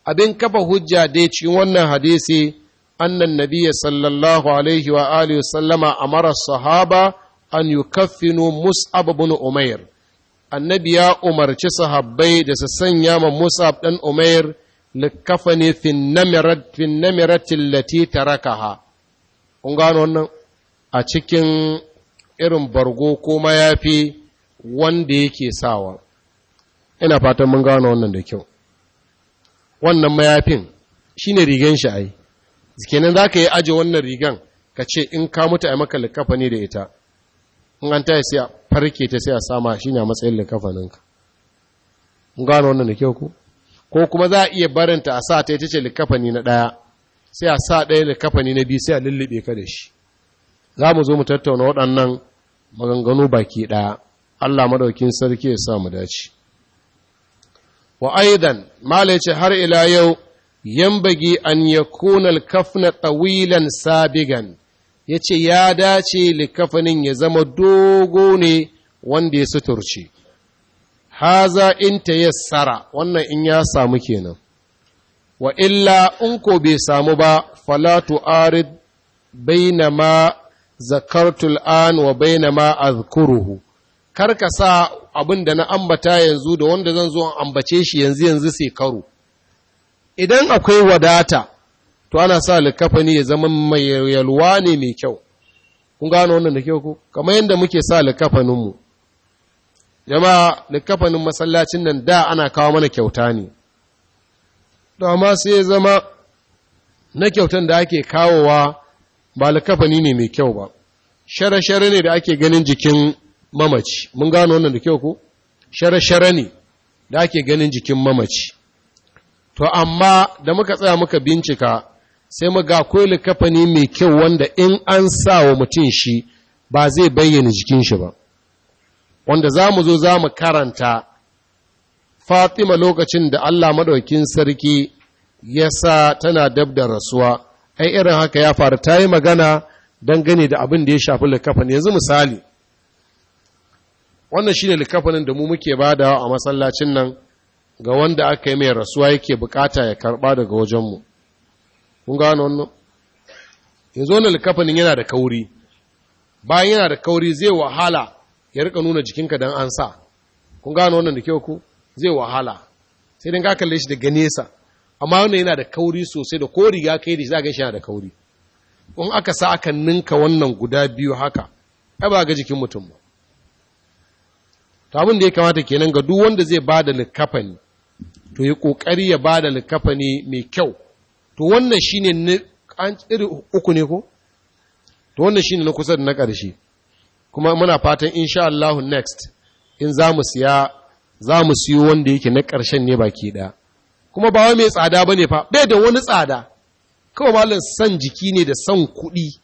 abin kafa hujja dai cikin wannan hadisi annan nabiya sallallahu alaihi wa alihi sallama amara sahaba an yukaffinu mus'ab ibn umair annabi ya umarci sahabbai da su sanya ma mus'ab dan umair likafani finnamiratin lati tarakaha kun gano wannan a cikin irin bargo ko mayafi wanda yake sawa ina fatan mun gano wannan da kyau wannan mayafin shine rigan shi ai zikenan zaka yi aje wannan rigan ka ce in ka mutu ai maka likafani da ita in an taya sai a farke ta sai a sama shine a matsayin likafaninka mun gano wannan da kyau ko ko kuma za a iya barinta a sa ta ita ce likafani na ɗaya sai a sa ɗaya likafani na biyu sai a lullube ka da shi za mu zo mu tattauna waɗannan maganganu baki ɗaya Allah madaukin sarki ya sa mu dace wa aidan mala ce har ila yau yan bagi an yakuna al-kafna tawilan sabigan yace ya dace likafanin ya zama dogo ne wanda ya suturce haza in ta tsara. wannan in ya samu kenan wa illa in ko bai samu ba arid baina bainama zakartul an wa bainama azkuruhu kar ka sa abin da na ambata yanzu da wanda zan zo ambace shi yanzu yanzu sai karo idan akwai wadata to ana sa likafani ya zama mai yalwa ne mai kyau kun gano wannan da kyau ko kamar yadda muke sa mu jama'a kafanin masallacin nan da ana kawo mana kyauta ne Dama sai ya zama na kyautan da ake kawowa ba likafani ne mai kyau ba shara share ne da ake ganin jikin mamaci mun gano wannan da kyau ko shara share ne da ake ganin jikin mamaci to amma da muka tsaya muka bincika sai muga koi likafani mai kyau wanda in an sa wa mutum shi ba zai bayyana jikin shi ba wanda za mu zo za mu karanta fatima lokacin da allah maɗaukin sarki ya sa tana dab da rasuwa ai irin haka ya faru ta yi magana dangane da abin da ya shafi likafin yanzu misali wannan shine likafinin da mu muke badawa a masallacin nan ga wanda aka yi mai rasuwa yake bukata ya karba daga wajenmu kun gano wannan yanzu wannan likafanin yana da kauri bayan yana da kauri zai wahala ya rika nuna jikinka don an sa kun gano wannan da kyau ku zai wahala sai dan ka kalle shi daga nesa amma wannan yana da kauri sosai da ko riga kai da za ga shi yana da kauri in aka sa aka ninka wannan guda biyu haka ai ba ga jikin mutum ba to abin da ya kamata kenan ga duk wanda zai bada likafani to ya kokari ya bada likafani mai kyau to wannan shine ne ko na kusa da na karshe kuma muna fatan insha Allah next in za mu siya za siyo wanda yake na ƙarshen ne baki ɗaya kuma ba mai tsada ba ne fa bai da wani tsada kawai malam san jiki ne da san kuɗi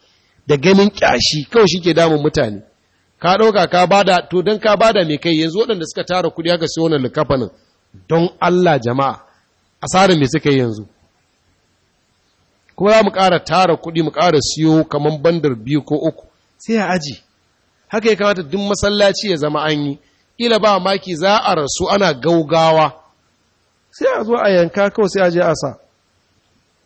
da ganin ƙyashi kawai shi ke damun mutane ka ɗauka ka bada to don ka bada mai kai yanzu waɗanda suka tara kuɗi haka siyo wannan likafanin don Allah jama'a asarar me suka yi yanzu kuma za mu ƙara tara kuɗi mu ƙara siyo kamar bandar biyu ko uku sai a aji haka ya kamata duk masallaci ya zama an yi Ila ba maki za a rasu ana gaugawa sai a zo a yanka kawai sai a je a sa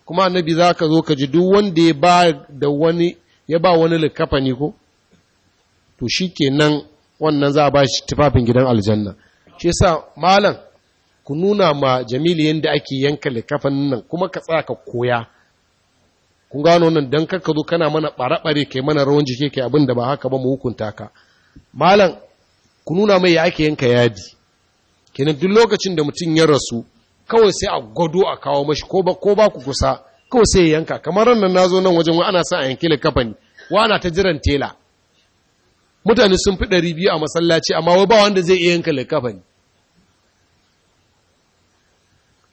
kuma annabi za ka zo ka ji duk wanda ya ba da wani ya ba wani likafani ko to shi nan wannan za a ba shi tufafin gidan aljanna shi sa, malam ku nuna ma jamilu yadda ake yanka likafanin nan kuma ka tsaya ka koya kun gano nan dan karka zo kana mana ɓare-ɓare kai mana rawan jiki kai abin da ba haka ba mu hukunta ka malam ku nuna mai ya ake yanka yadi kenan duk lokacin da mutum ya rasu kawai sai a gwado a kawo mashi ko ba ko ba ku kusa kawai sai ya yanka kamar ran nan nazo nan wajen wa ana sa a yanke likafani wa ana ta jiran tela mutane sun fi ɗari biyu a masallaci amma wai ba wanda zai iya yanka likafani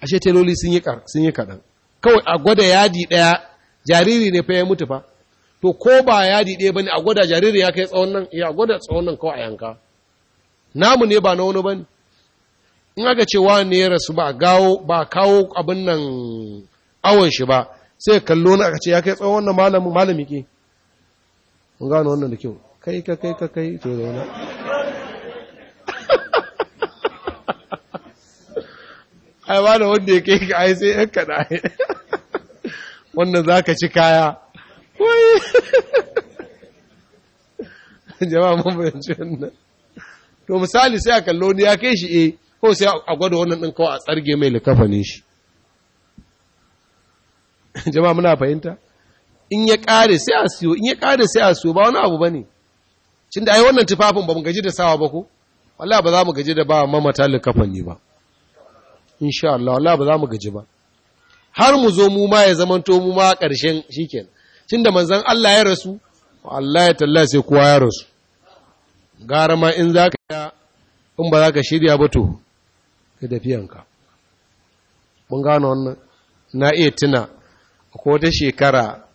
ashe teloli sun yi kaɗan kawai a gwada yadi ɗaya jariri ne fa ya mutu fa to ko ba yadi ɗaya bane a gwada jariri ya kai tsawon nan ya gwada tsawon nan kawai a yanka namu ne ba na wani bane in aka ce wa ne ya rasu ba gawo ba kawo abin nan awon shi ba sai kallo na aka ce ya kai tsawon nan malam malami ke mun gano wannan da kyau kai ka kai ka kai to da wannan ai wani wanda ya kai ka ai sai da ai wannan za ka ci kaya wai jama'a mun bayanci wannan to misali sai a kallo ni ya kai shi eh ko sai a gwada wannan ɗin kawai a tsarge mai likafanin shi jama'a muna fahimta in ya ƙare sai a siyo in ya ƙare sai a siyo ba wani abu ba ne cin da ai wannan tufafin ba mu gaji da sawa ba ko wallah ba za mu gaji da ba mamata likafani ba insha Allah wallah ba za mu gaji ba har mu zo mu ma ya zamanto mu ma ƙarshen cin tunda manzon Allah ya rasu Allah ya talla sai kowa ya rasu gara ma in za ka zaka in ba za ka shirya ba to ka tafiyanka mun gano wannan na iya tuna ko wata shekara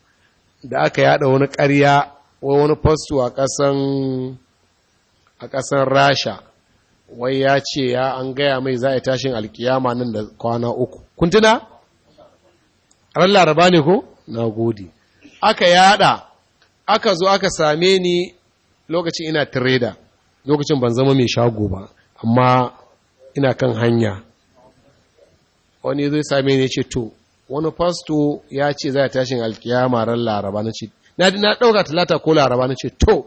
da aka yada wani ƙarya wani fasto a ƙasan ƙasar rasha wai ya ce ya an gaya mai za a tashin alkiyama nan da kwana uku kun tuna ran laraba ne ko na gode aka yada aka zo aka same ni lokacin ina tireda, lokacin ban zama mai shago ba amma ina kan hanya wani zai same ni ce to wani fasto ya ce za a tashin alkiyama ran laraba na ce na ɗauka talata ko laraba na ce to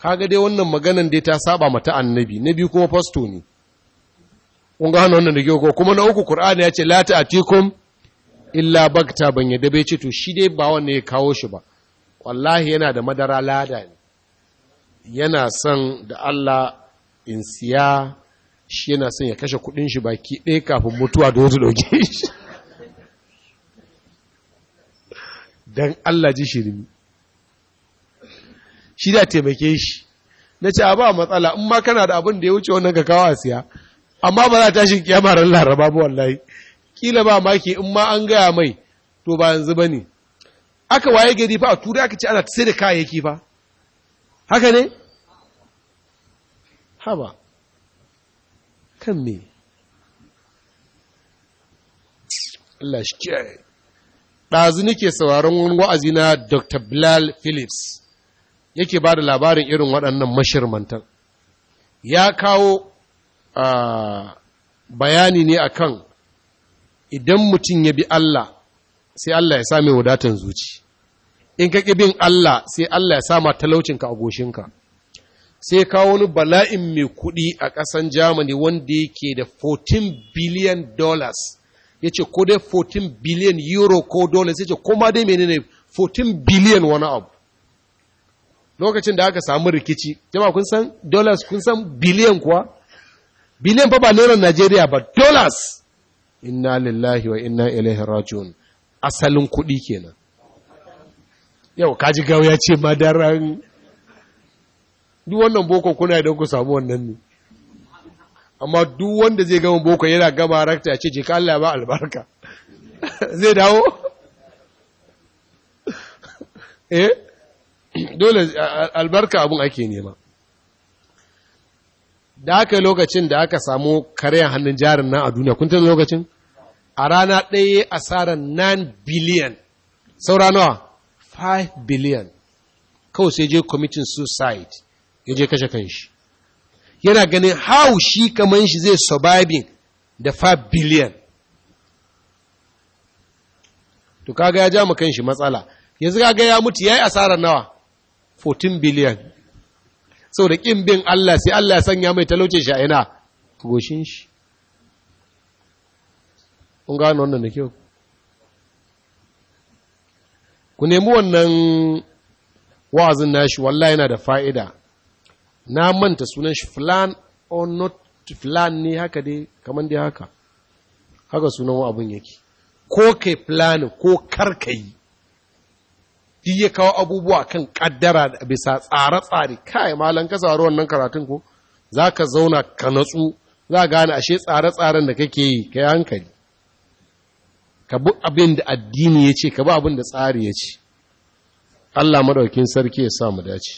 kaga dai wannan maganan dai ta saba mata annabi na biyu kuma fasto ne kun ga hannun wannan da ko kuma na uku qur'ani ya ce la ta'atikum illa bakta ban yadda bai ce to shi dai ba wanda ya kawo shi ba wallahi yana da madara lada ne yana son da Allah in siya shi yana son ya kashe kudin shi baki ɗaya kafin mutuwa da wata ɗauke shi don Allah ji shirimi shi da taimake shi na ce a ba matsala in ma kana da abin da ya wuce wannan ka kawo a siya amma ba za ta shi kiyama laraba ba wallahi kila ba maki in ma an gaya mai to ba yanzu ba ne aka waye gari fa a turai aka ce ana sai da kayayyaki fa haka ne haba kan me Allah shi kiyaye ɗazu nake sauraron wani wa'azi na Dr. Bilal Phillips yake ba da labarin irin waɗannan mashirmantan ya kawo ah, bayani ne akan idan mutum ya bi Allah sai Allah ya same wadatan zuci in ka bin Allah sai Allah ya ma talaucinka a goshinka sai kawo wani bala'in mai kuɗi a ƙasan Germany wanda yake da 14 billion dollars ya ce ko dai 14 billion euro ko dollars ya ce koma dai menene 14 billion wani abu lokacin da aka samu rikici jama'a kun san dollars kun san billion kuwa Billion fa ba naira Najeriya ba dollars inna lillahi wa inna ilaihi rajiun asalin kuɗi kenan yau kaji gawo ya ce madaran duk wannan boko kuna idan ku samu wannan ne amma duk wanda zai gama boko yana gama rakta ya ce je ka ba albarka zai dawo eh dole albarka abun ake nema da aka lokacin da aka samu karyan hannun jarin nan a duniya kun tana lokacin a rana ɗaya asarar 9 biliyan sauranawa nawa 5 biliyan kawai sai je committing suicide ya je kashe kanshi yana ganin how shi kaman shi zai surviving da 5 biliyan to kaga ya ja mu kanshi matsala yanzu kaga ya mutu yayi asarar nawa 14 biliyan sau da ƙin bin Allah sai Allah ya sanya mai talauce shi a ina goshin shi kun gano wannan da kyau ku nemi wannan wa'azin nashi wallahi yana da fa'ida na manta sunan shi flan or not flan ne haka dai kamar dai haka haka sunan abin yake ko kai plan ko karkayi duk ya kawo abubuwa kan kaddara bisa tsare-tsare kai malan ka tsaro wannan karatun ko za ka zauna ka natsu za gane ashe tsare-tsaren da kake yi ka yi hankali ka bi abin da addini ya ce ka bi abin da tsari ya ce Allah madaukin sarki ya sa mu dace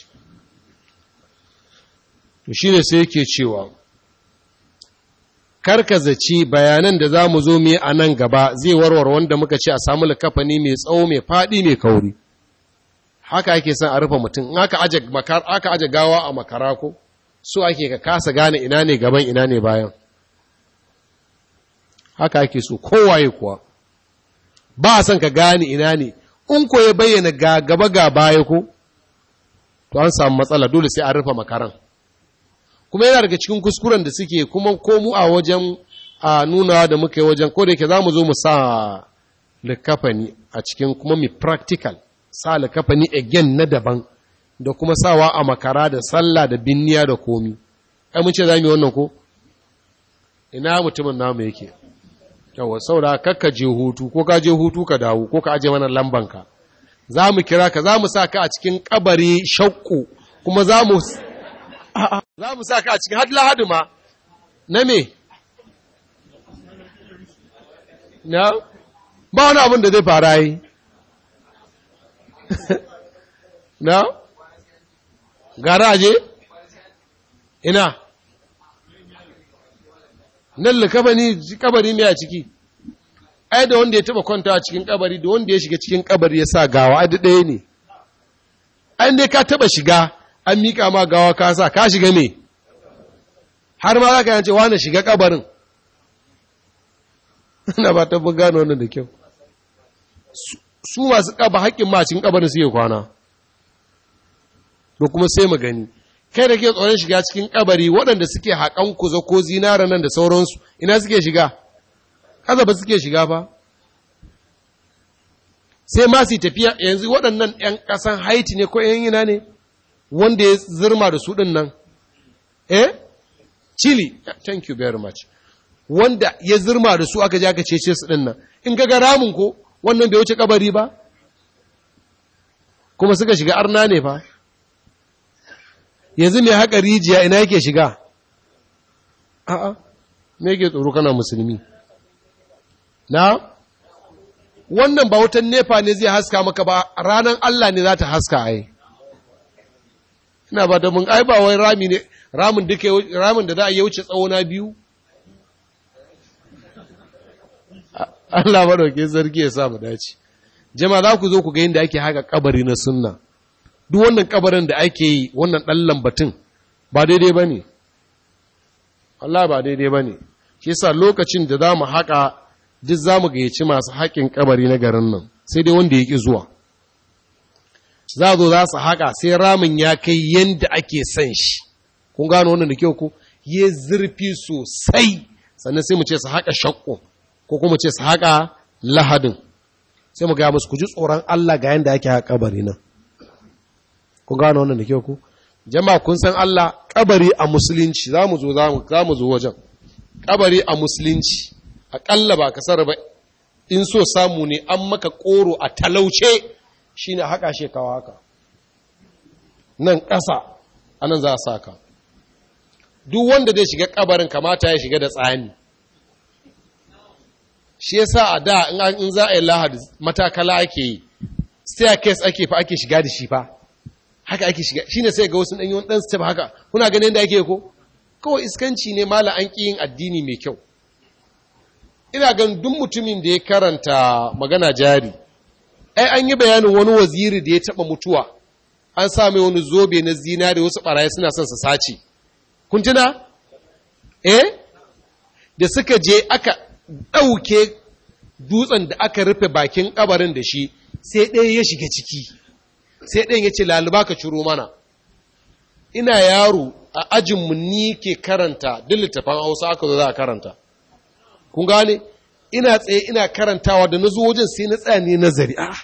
to shi ne sai yake cewa zaci bayanan da za mu zo mu a nan gaba zai warware wanda muka ce a samu likafani mai tsawo mai faɗi mai kauri haka ake son a rufe mutum in aka aje gawa a makara ko so ake ka kasa gane ina ne gaban ina ne bayan haka ake so kowaye kuwa ba a son ka gane ina ne in ko ya bayyana ga gaba ga baya ko to an samu matsala dole sai a rufe makaran kuma yana daga cikin kuskuren da suke kuma ko mu a wajen a nuna da muke wajen ko da yake za mu zo mu sa likafani a cikin kuma mi practical sa ni again na daban da kuma sawa a makara da sallah da binniya da komi ai mun ce za mu yi wannan ko ina mutumin namu yake yawa saboda kakka je hutu ko ka je hutu ka dawo ko ka aje mana lambanka za mu kira ka za mu sa ka a cikin kabari shakku kuma za mu za mu sa ka a cikin hadla haduma na me na ba wani abin da zai fara yi na garaje ina nan likabani kabari ne a ciki ai da wanda ya taba kwanta a cikin kabari da wanda ya shiga cikin kabari ya sa gawa ai da ɗaya ne ai ne ka taba shiga an miƙa ma gawa ka sa ka shiga ne har ma za ka yance wane shiga kabarin ina ba ta gano wannan da kyau su masu ƙaba haƙƙin ma cikin ƙabarin suke kwana da kuma sai mu gani kai da ke tsoron shiga cikin ƙabari waɗanda suke haƙan kuzo ko zinara nan da sauransu ina suke shiga kaza ba suke shiga ba sai ma su tafiya yanzu waɗannan 'yan ƙasan haiti ne ko 'yan yana ne wanda ya zirma da su ɗin nan eh chile thank you very much wanda ya zirma da su aka je aka cece su ɗin nan in ga ramin ko wannan bai wuce kabari ba kuma suka shiga arna ne fa yanzu ne haka rijiya ina yake shiga a'a me yake tsoro kana musulmi na wannan ba wutan nefa ne zai haska maka ba ranar Allah ne za ta haska ai ina ba da mun ai ba wai rami ne ramin da za a yi wuce tsawo na biyu Allah madaukakin sarki ya sa mu dace jama'a za ku zo ku ga yadda ake haka kabari na sunna duk wannan kabarin da ake yi wannan dan lambatin ba daidai bane Allah ba daidai bane shi yasa lokacin da za mu haka duk za mu gayyaci masu haƙin kabari na garin nan sai dai wanda ya ƙi zuwa za zo za su haka sai ramin ya kai yadda ake san shi kun gano wannan da kyau ko? ya zurfi sosai sannan sai mu ce su haka shakko ko kuma ce su haƙa lahadin sai mu gaya musu ku ji tsoron Allah ga yanda yake haƙa kabari nan ku gano wannan da ke ku jama'a kun san Allah kabari a musulunci za mu zo wajen kabari a musulunci aƙalla ba ka sarrafa in so samu ne an maka ƙoro a talauce shine haƙa shekawa haka nan ƙasa anan za a saka duk wanda zai shiga kabarin kamata ya shiga da tsani shi yasa a da in za a yi lahadi matakala ake yi staircase ake fa ake shiga da shi fa haka ake shiga Shi ne sai ga wasu ɗanyen ɗan step haka kuna ganin da ake ko kawai iskanci ne mala an ƙi yin addini mai kyau ina gan duk mutumin da ya karanta magana jari ai an yi bayanin wani waziri da ya taba mutuwa an sa mai wani zobe na zina da wasu barayi suna son su sace kun tuna eh da suka je aka ɗauke dutsen da aka rufe bakin ƙabarin da shi sai ɗaya ya shiga ciki sai ɗaya ya ce laluba ka ciro mana ina yaro a ajinmu ni ke karanta duk littafin hausa aka zo za a karanta kun gane ina tsaye ina karantawa da na zo wajen sai na tsaya ne nazari a ah,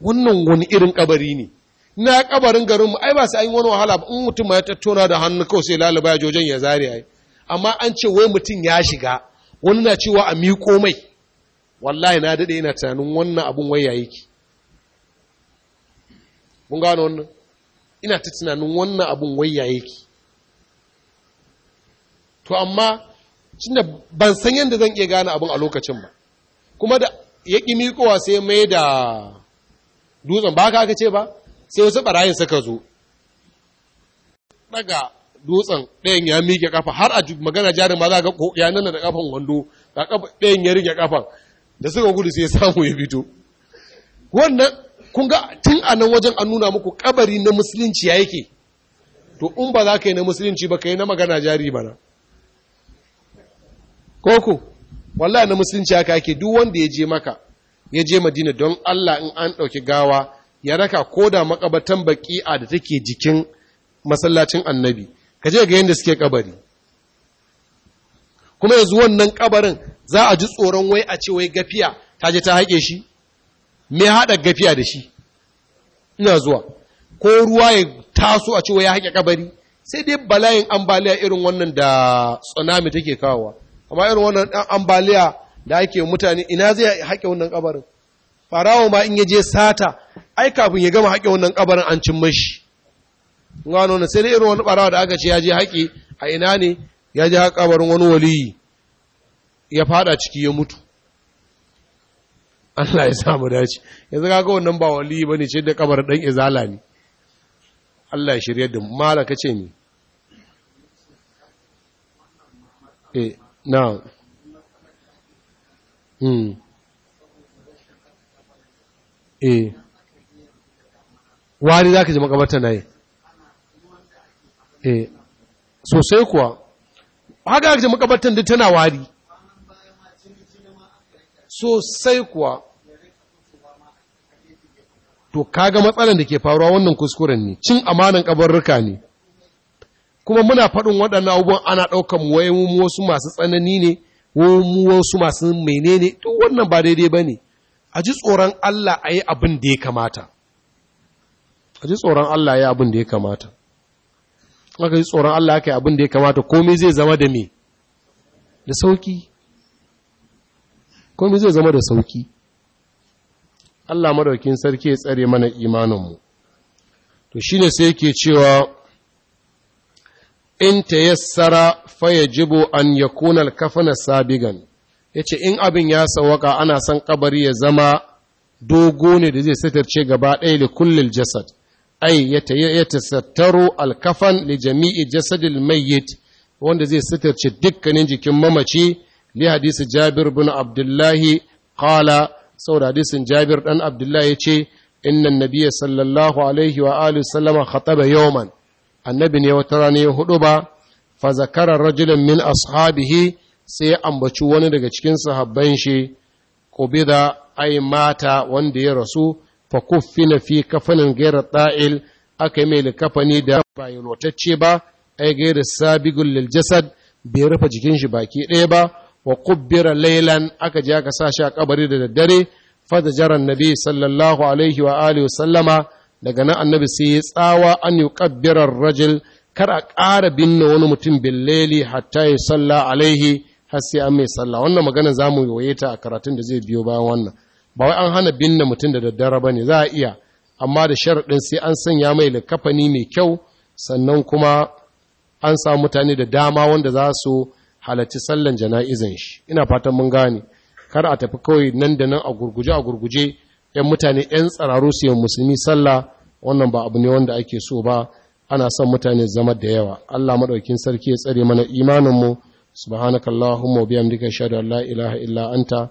wannan wani irin ƙabari ne na ƙabarin garinmu ai ba su an yi wani wahala ba in mutum ya tattona da hannu kawai sai laluba ya jojen ya zare ai amma an ce wai mutum ya shiga wani na cewa a miƙo mai wallahi na daɗe yana tunanin wannan abin waya yake mun gano wannan ina ta tunanin wannan abin waya yake to amma tunda ban san yadda zan iya gane abin a lokacin ba kuma da ya ƙi miƙowa sai mai da dutsen ba ka aka ce ba sai wasu ɓarayin suka zo daga dutsen ɗayan ya miƙe ƙafa har a magana jari ma za ga ya nana da ƙafan wando ga ɗayan ya riƙe ƙafan da suka gudu sai samu ya fito wannan kun ga tun a nan wajen an nuna muku ƙabari na musulunci ya yake to in ba za ka yi na musulunci ba ka yi na magana jari na koko wallahi na musulunci ya kake duk wanda ya je maka ya je madina don Allah in an ɗauki gawa ya raka ko da makabatan a da take jikin masallacin annabi ka je ga yadda suke kabari kuma yanzu wannan kabarin za a ji tsoron wai a ce wai gafiya ta je ta haƙe shi me haɗa gafiya da shi ina zuwa ko ruwa ya taso a ce wai ya haƙe kabari sai dai balayin ambaliya irin wannan da tsunami take kawowa amma irin wannan ɗan ambaliya da ake mutane ina zai haƙe wannan kabarin farawo ma in ya je sata ai kafin ya gama haƙe wannan kabarin an cin mashi gano na sai irin wani barawa da aka ce ya je haƙi a ina ne ya je haƙa barin wani wali ya fada ciki ya mutu Allah ya samu dace yanzu ga wannan ba waliyi bane ce da kabar dan izala ne Allah ya shirye da malaka ce mi eh na hmm eh wani zaka ji makabarta nayi Eh, sosai kuwa haka muka makabartan da tana wari sosai kuwa to kaga matsalan da ke faruwa wannan kuskuren ne cin amanan kabarruka ne kuma muna faɗin waɗannan abubuwan ana ɗaukan waye mu wasu masu tsanani ne mu wasu masu menene duk wannan ba daidai ba ne a ji tsoron Allah a yi abin da ya kamata aka kai tsoron Allah kai abin da ya kamata komai zai zama da me da sauki komai zai zama da sauki Allah madaukin sarki ya tsare mana imaninmu to shine sai yake cewa in tayassara fayajibu an yakuna al-kafana sabigan yace in abin ya sawaka ana san kabari ya zama dogo ne da zai satarce gaba ɗaya da kullil jasad ai yatasattaru alkafan li jami'i jasadil mayyit wanda zai sitarce dukkanin jikin mamaci li hadisi Jabir bin Abdullahi qala saboda hadisin Jabir ɗan Abdullahi yace inna nabiyya sallallahu alaihi wa alihi sallama khataba yawman annabi ne wata rana ya hudu ba fa zakara rajulan min ashabihi sai ambaci wani daga cikin sahabban shi qubida ai mata wanda ya rasu fa kuffina fi kafanin gaira ɗa'il aka yi mai likafani da bayan yalwatacce ba ai gaira sabigun liljasad bai rufe jikin shi baki ɗaya ba wa kubbira lailan aka ji aka sa shi a kabari da daddare fada jaran nabi sallallahu alaihi wa alihi wa sallama daga nan annabi sai ya tsawa an yuqabbira rajil kar a ƙara binne wani mutum billeli hatta ya salla alaihi har sai an mai salla wannan magana za mu yi ta a karatun da zai biyo bayan wannan ba wai an hana binne mutum da daddare ba ne za a iya amma da sharaɗin sai an sanya mai likafani mai kyau sannan kuma an samu mutane da dama wanda za su halarci sallan jana'izan shi ina fatan mun gane kar a tafi kawai nan da nan a gurguje a gurguje ‘yan mutane ‘yan tsararru su yi musulmi sallah wannan ba abu ne wanda ake so ba ana son mutane zama da yawa Allah maɗaukin sarki ya tsare mana imaninmu subhanakallahumma wa bihamdika ashhadu an la ilaha illa anta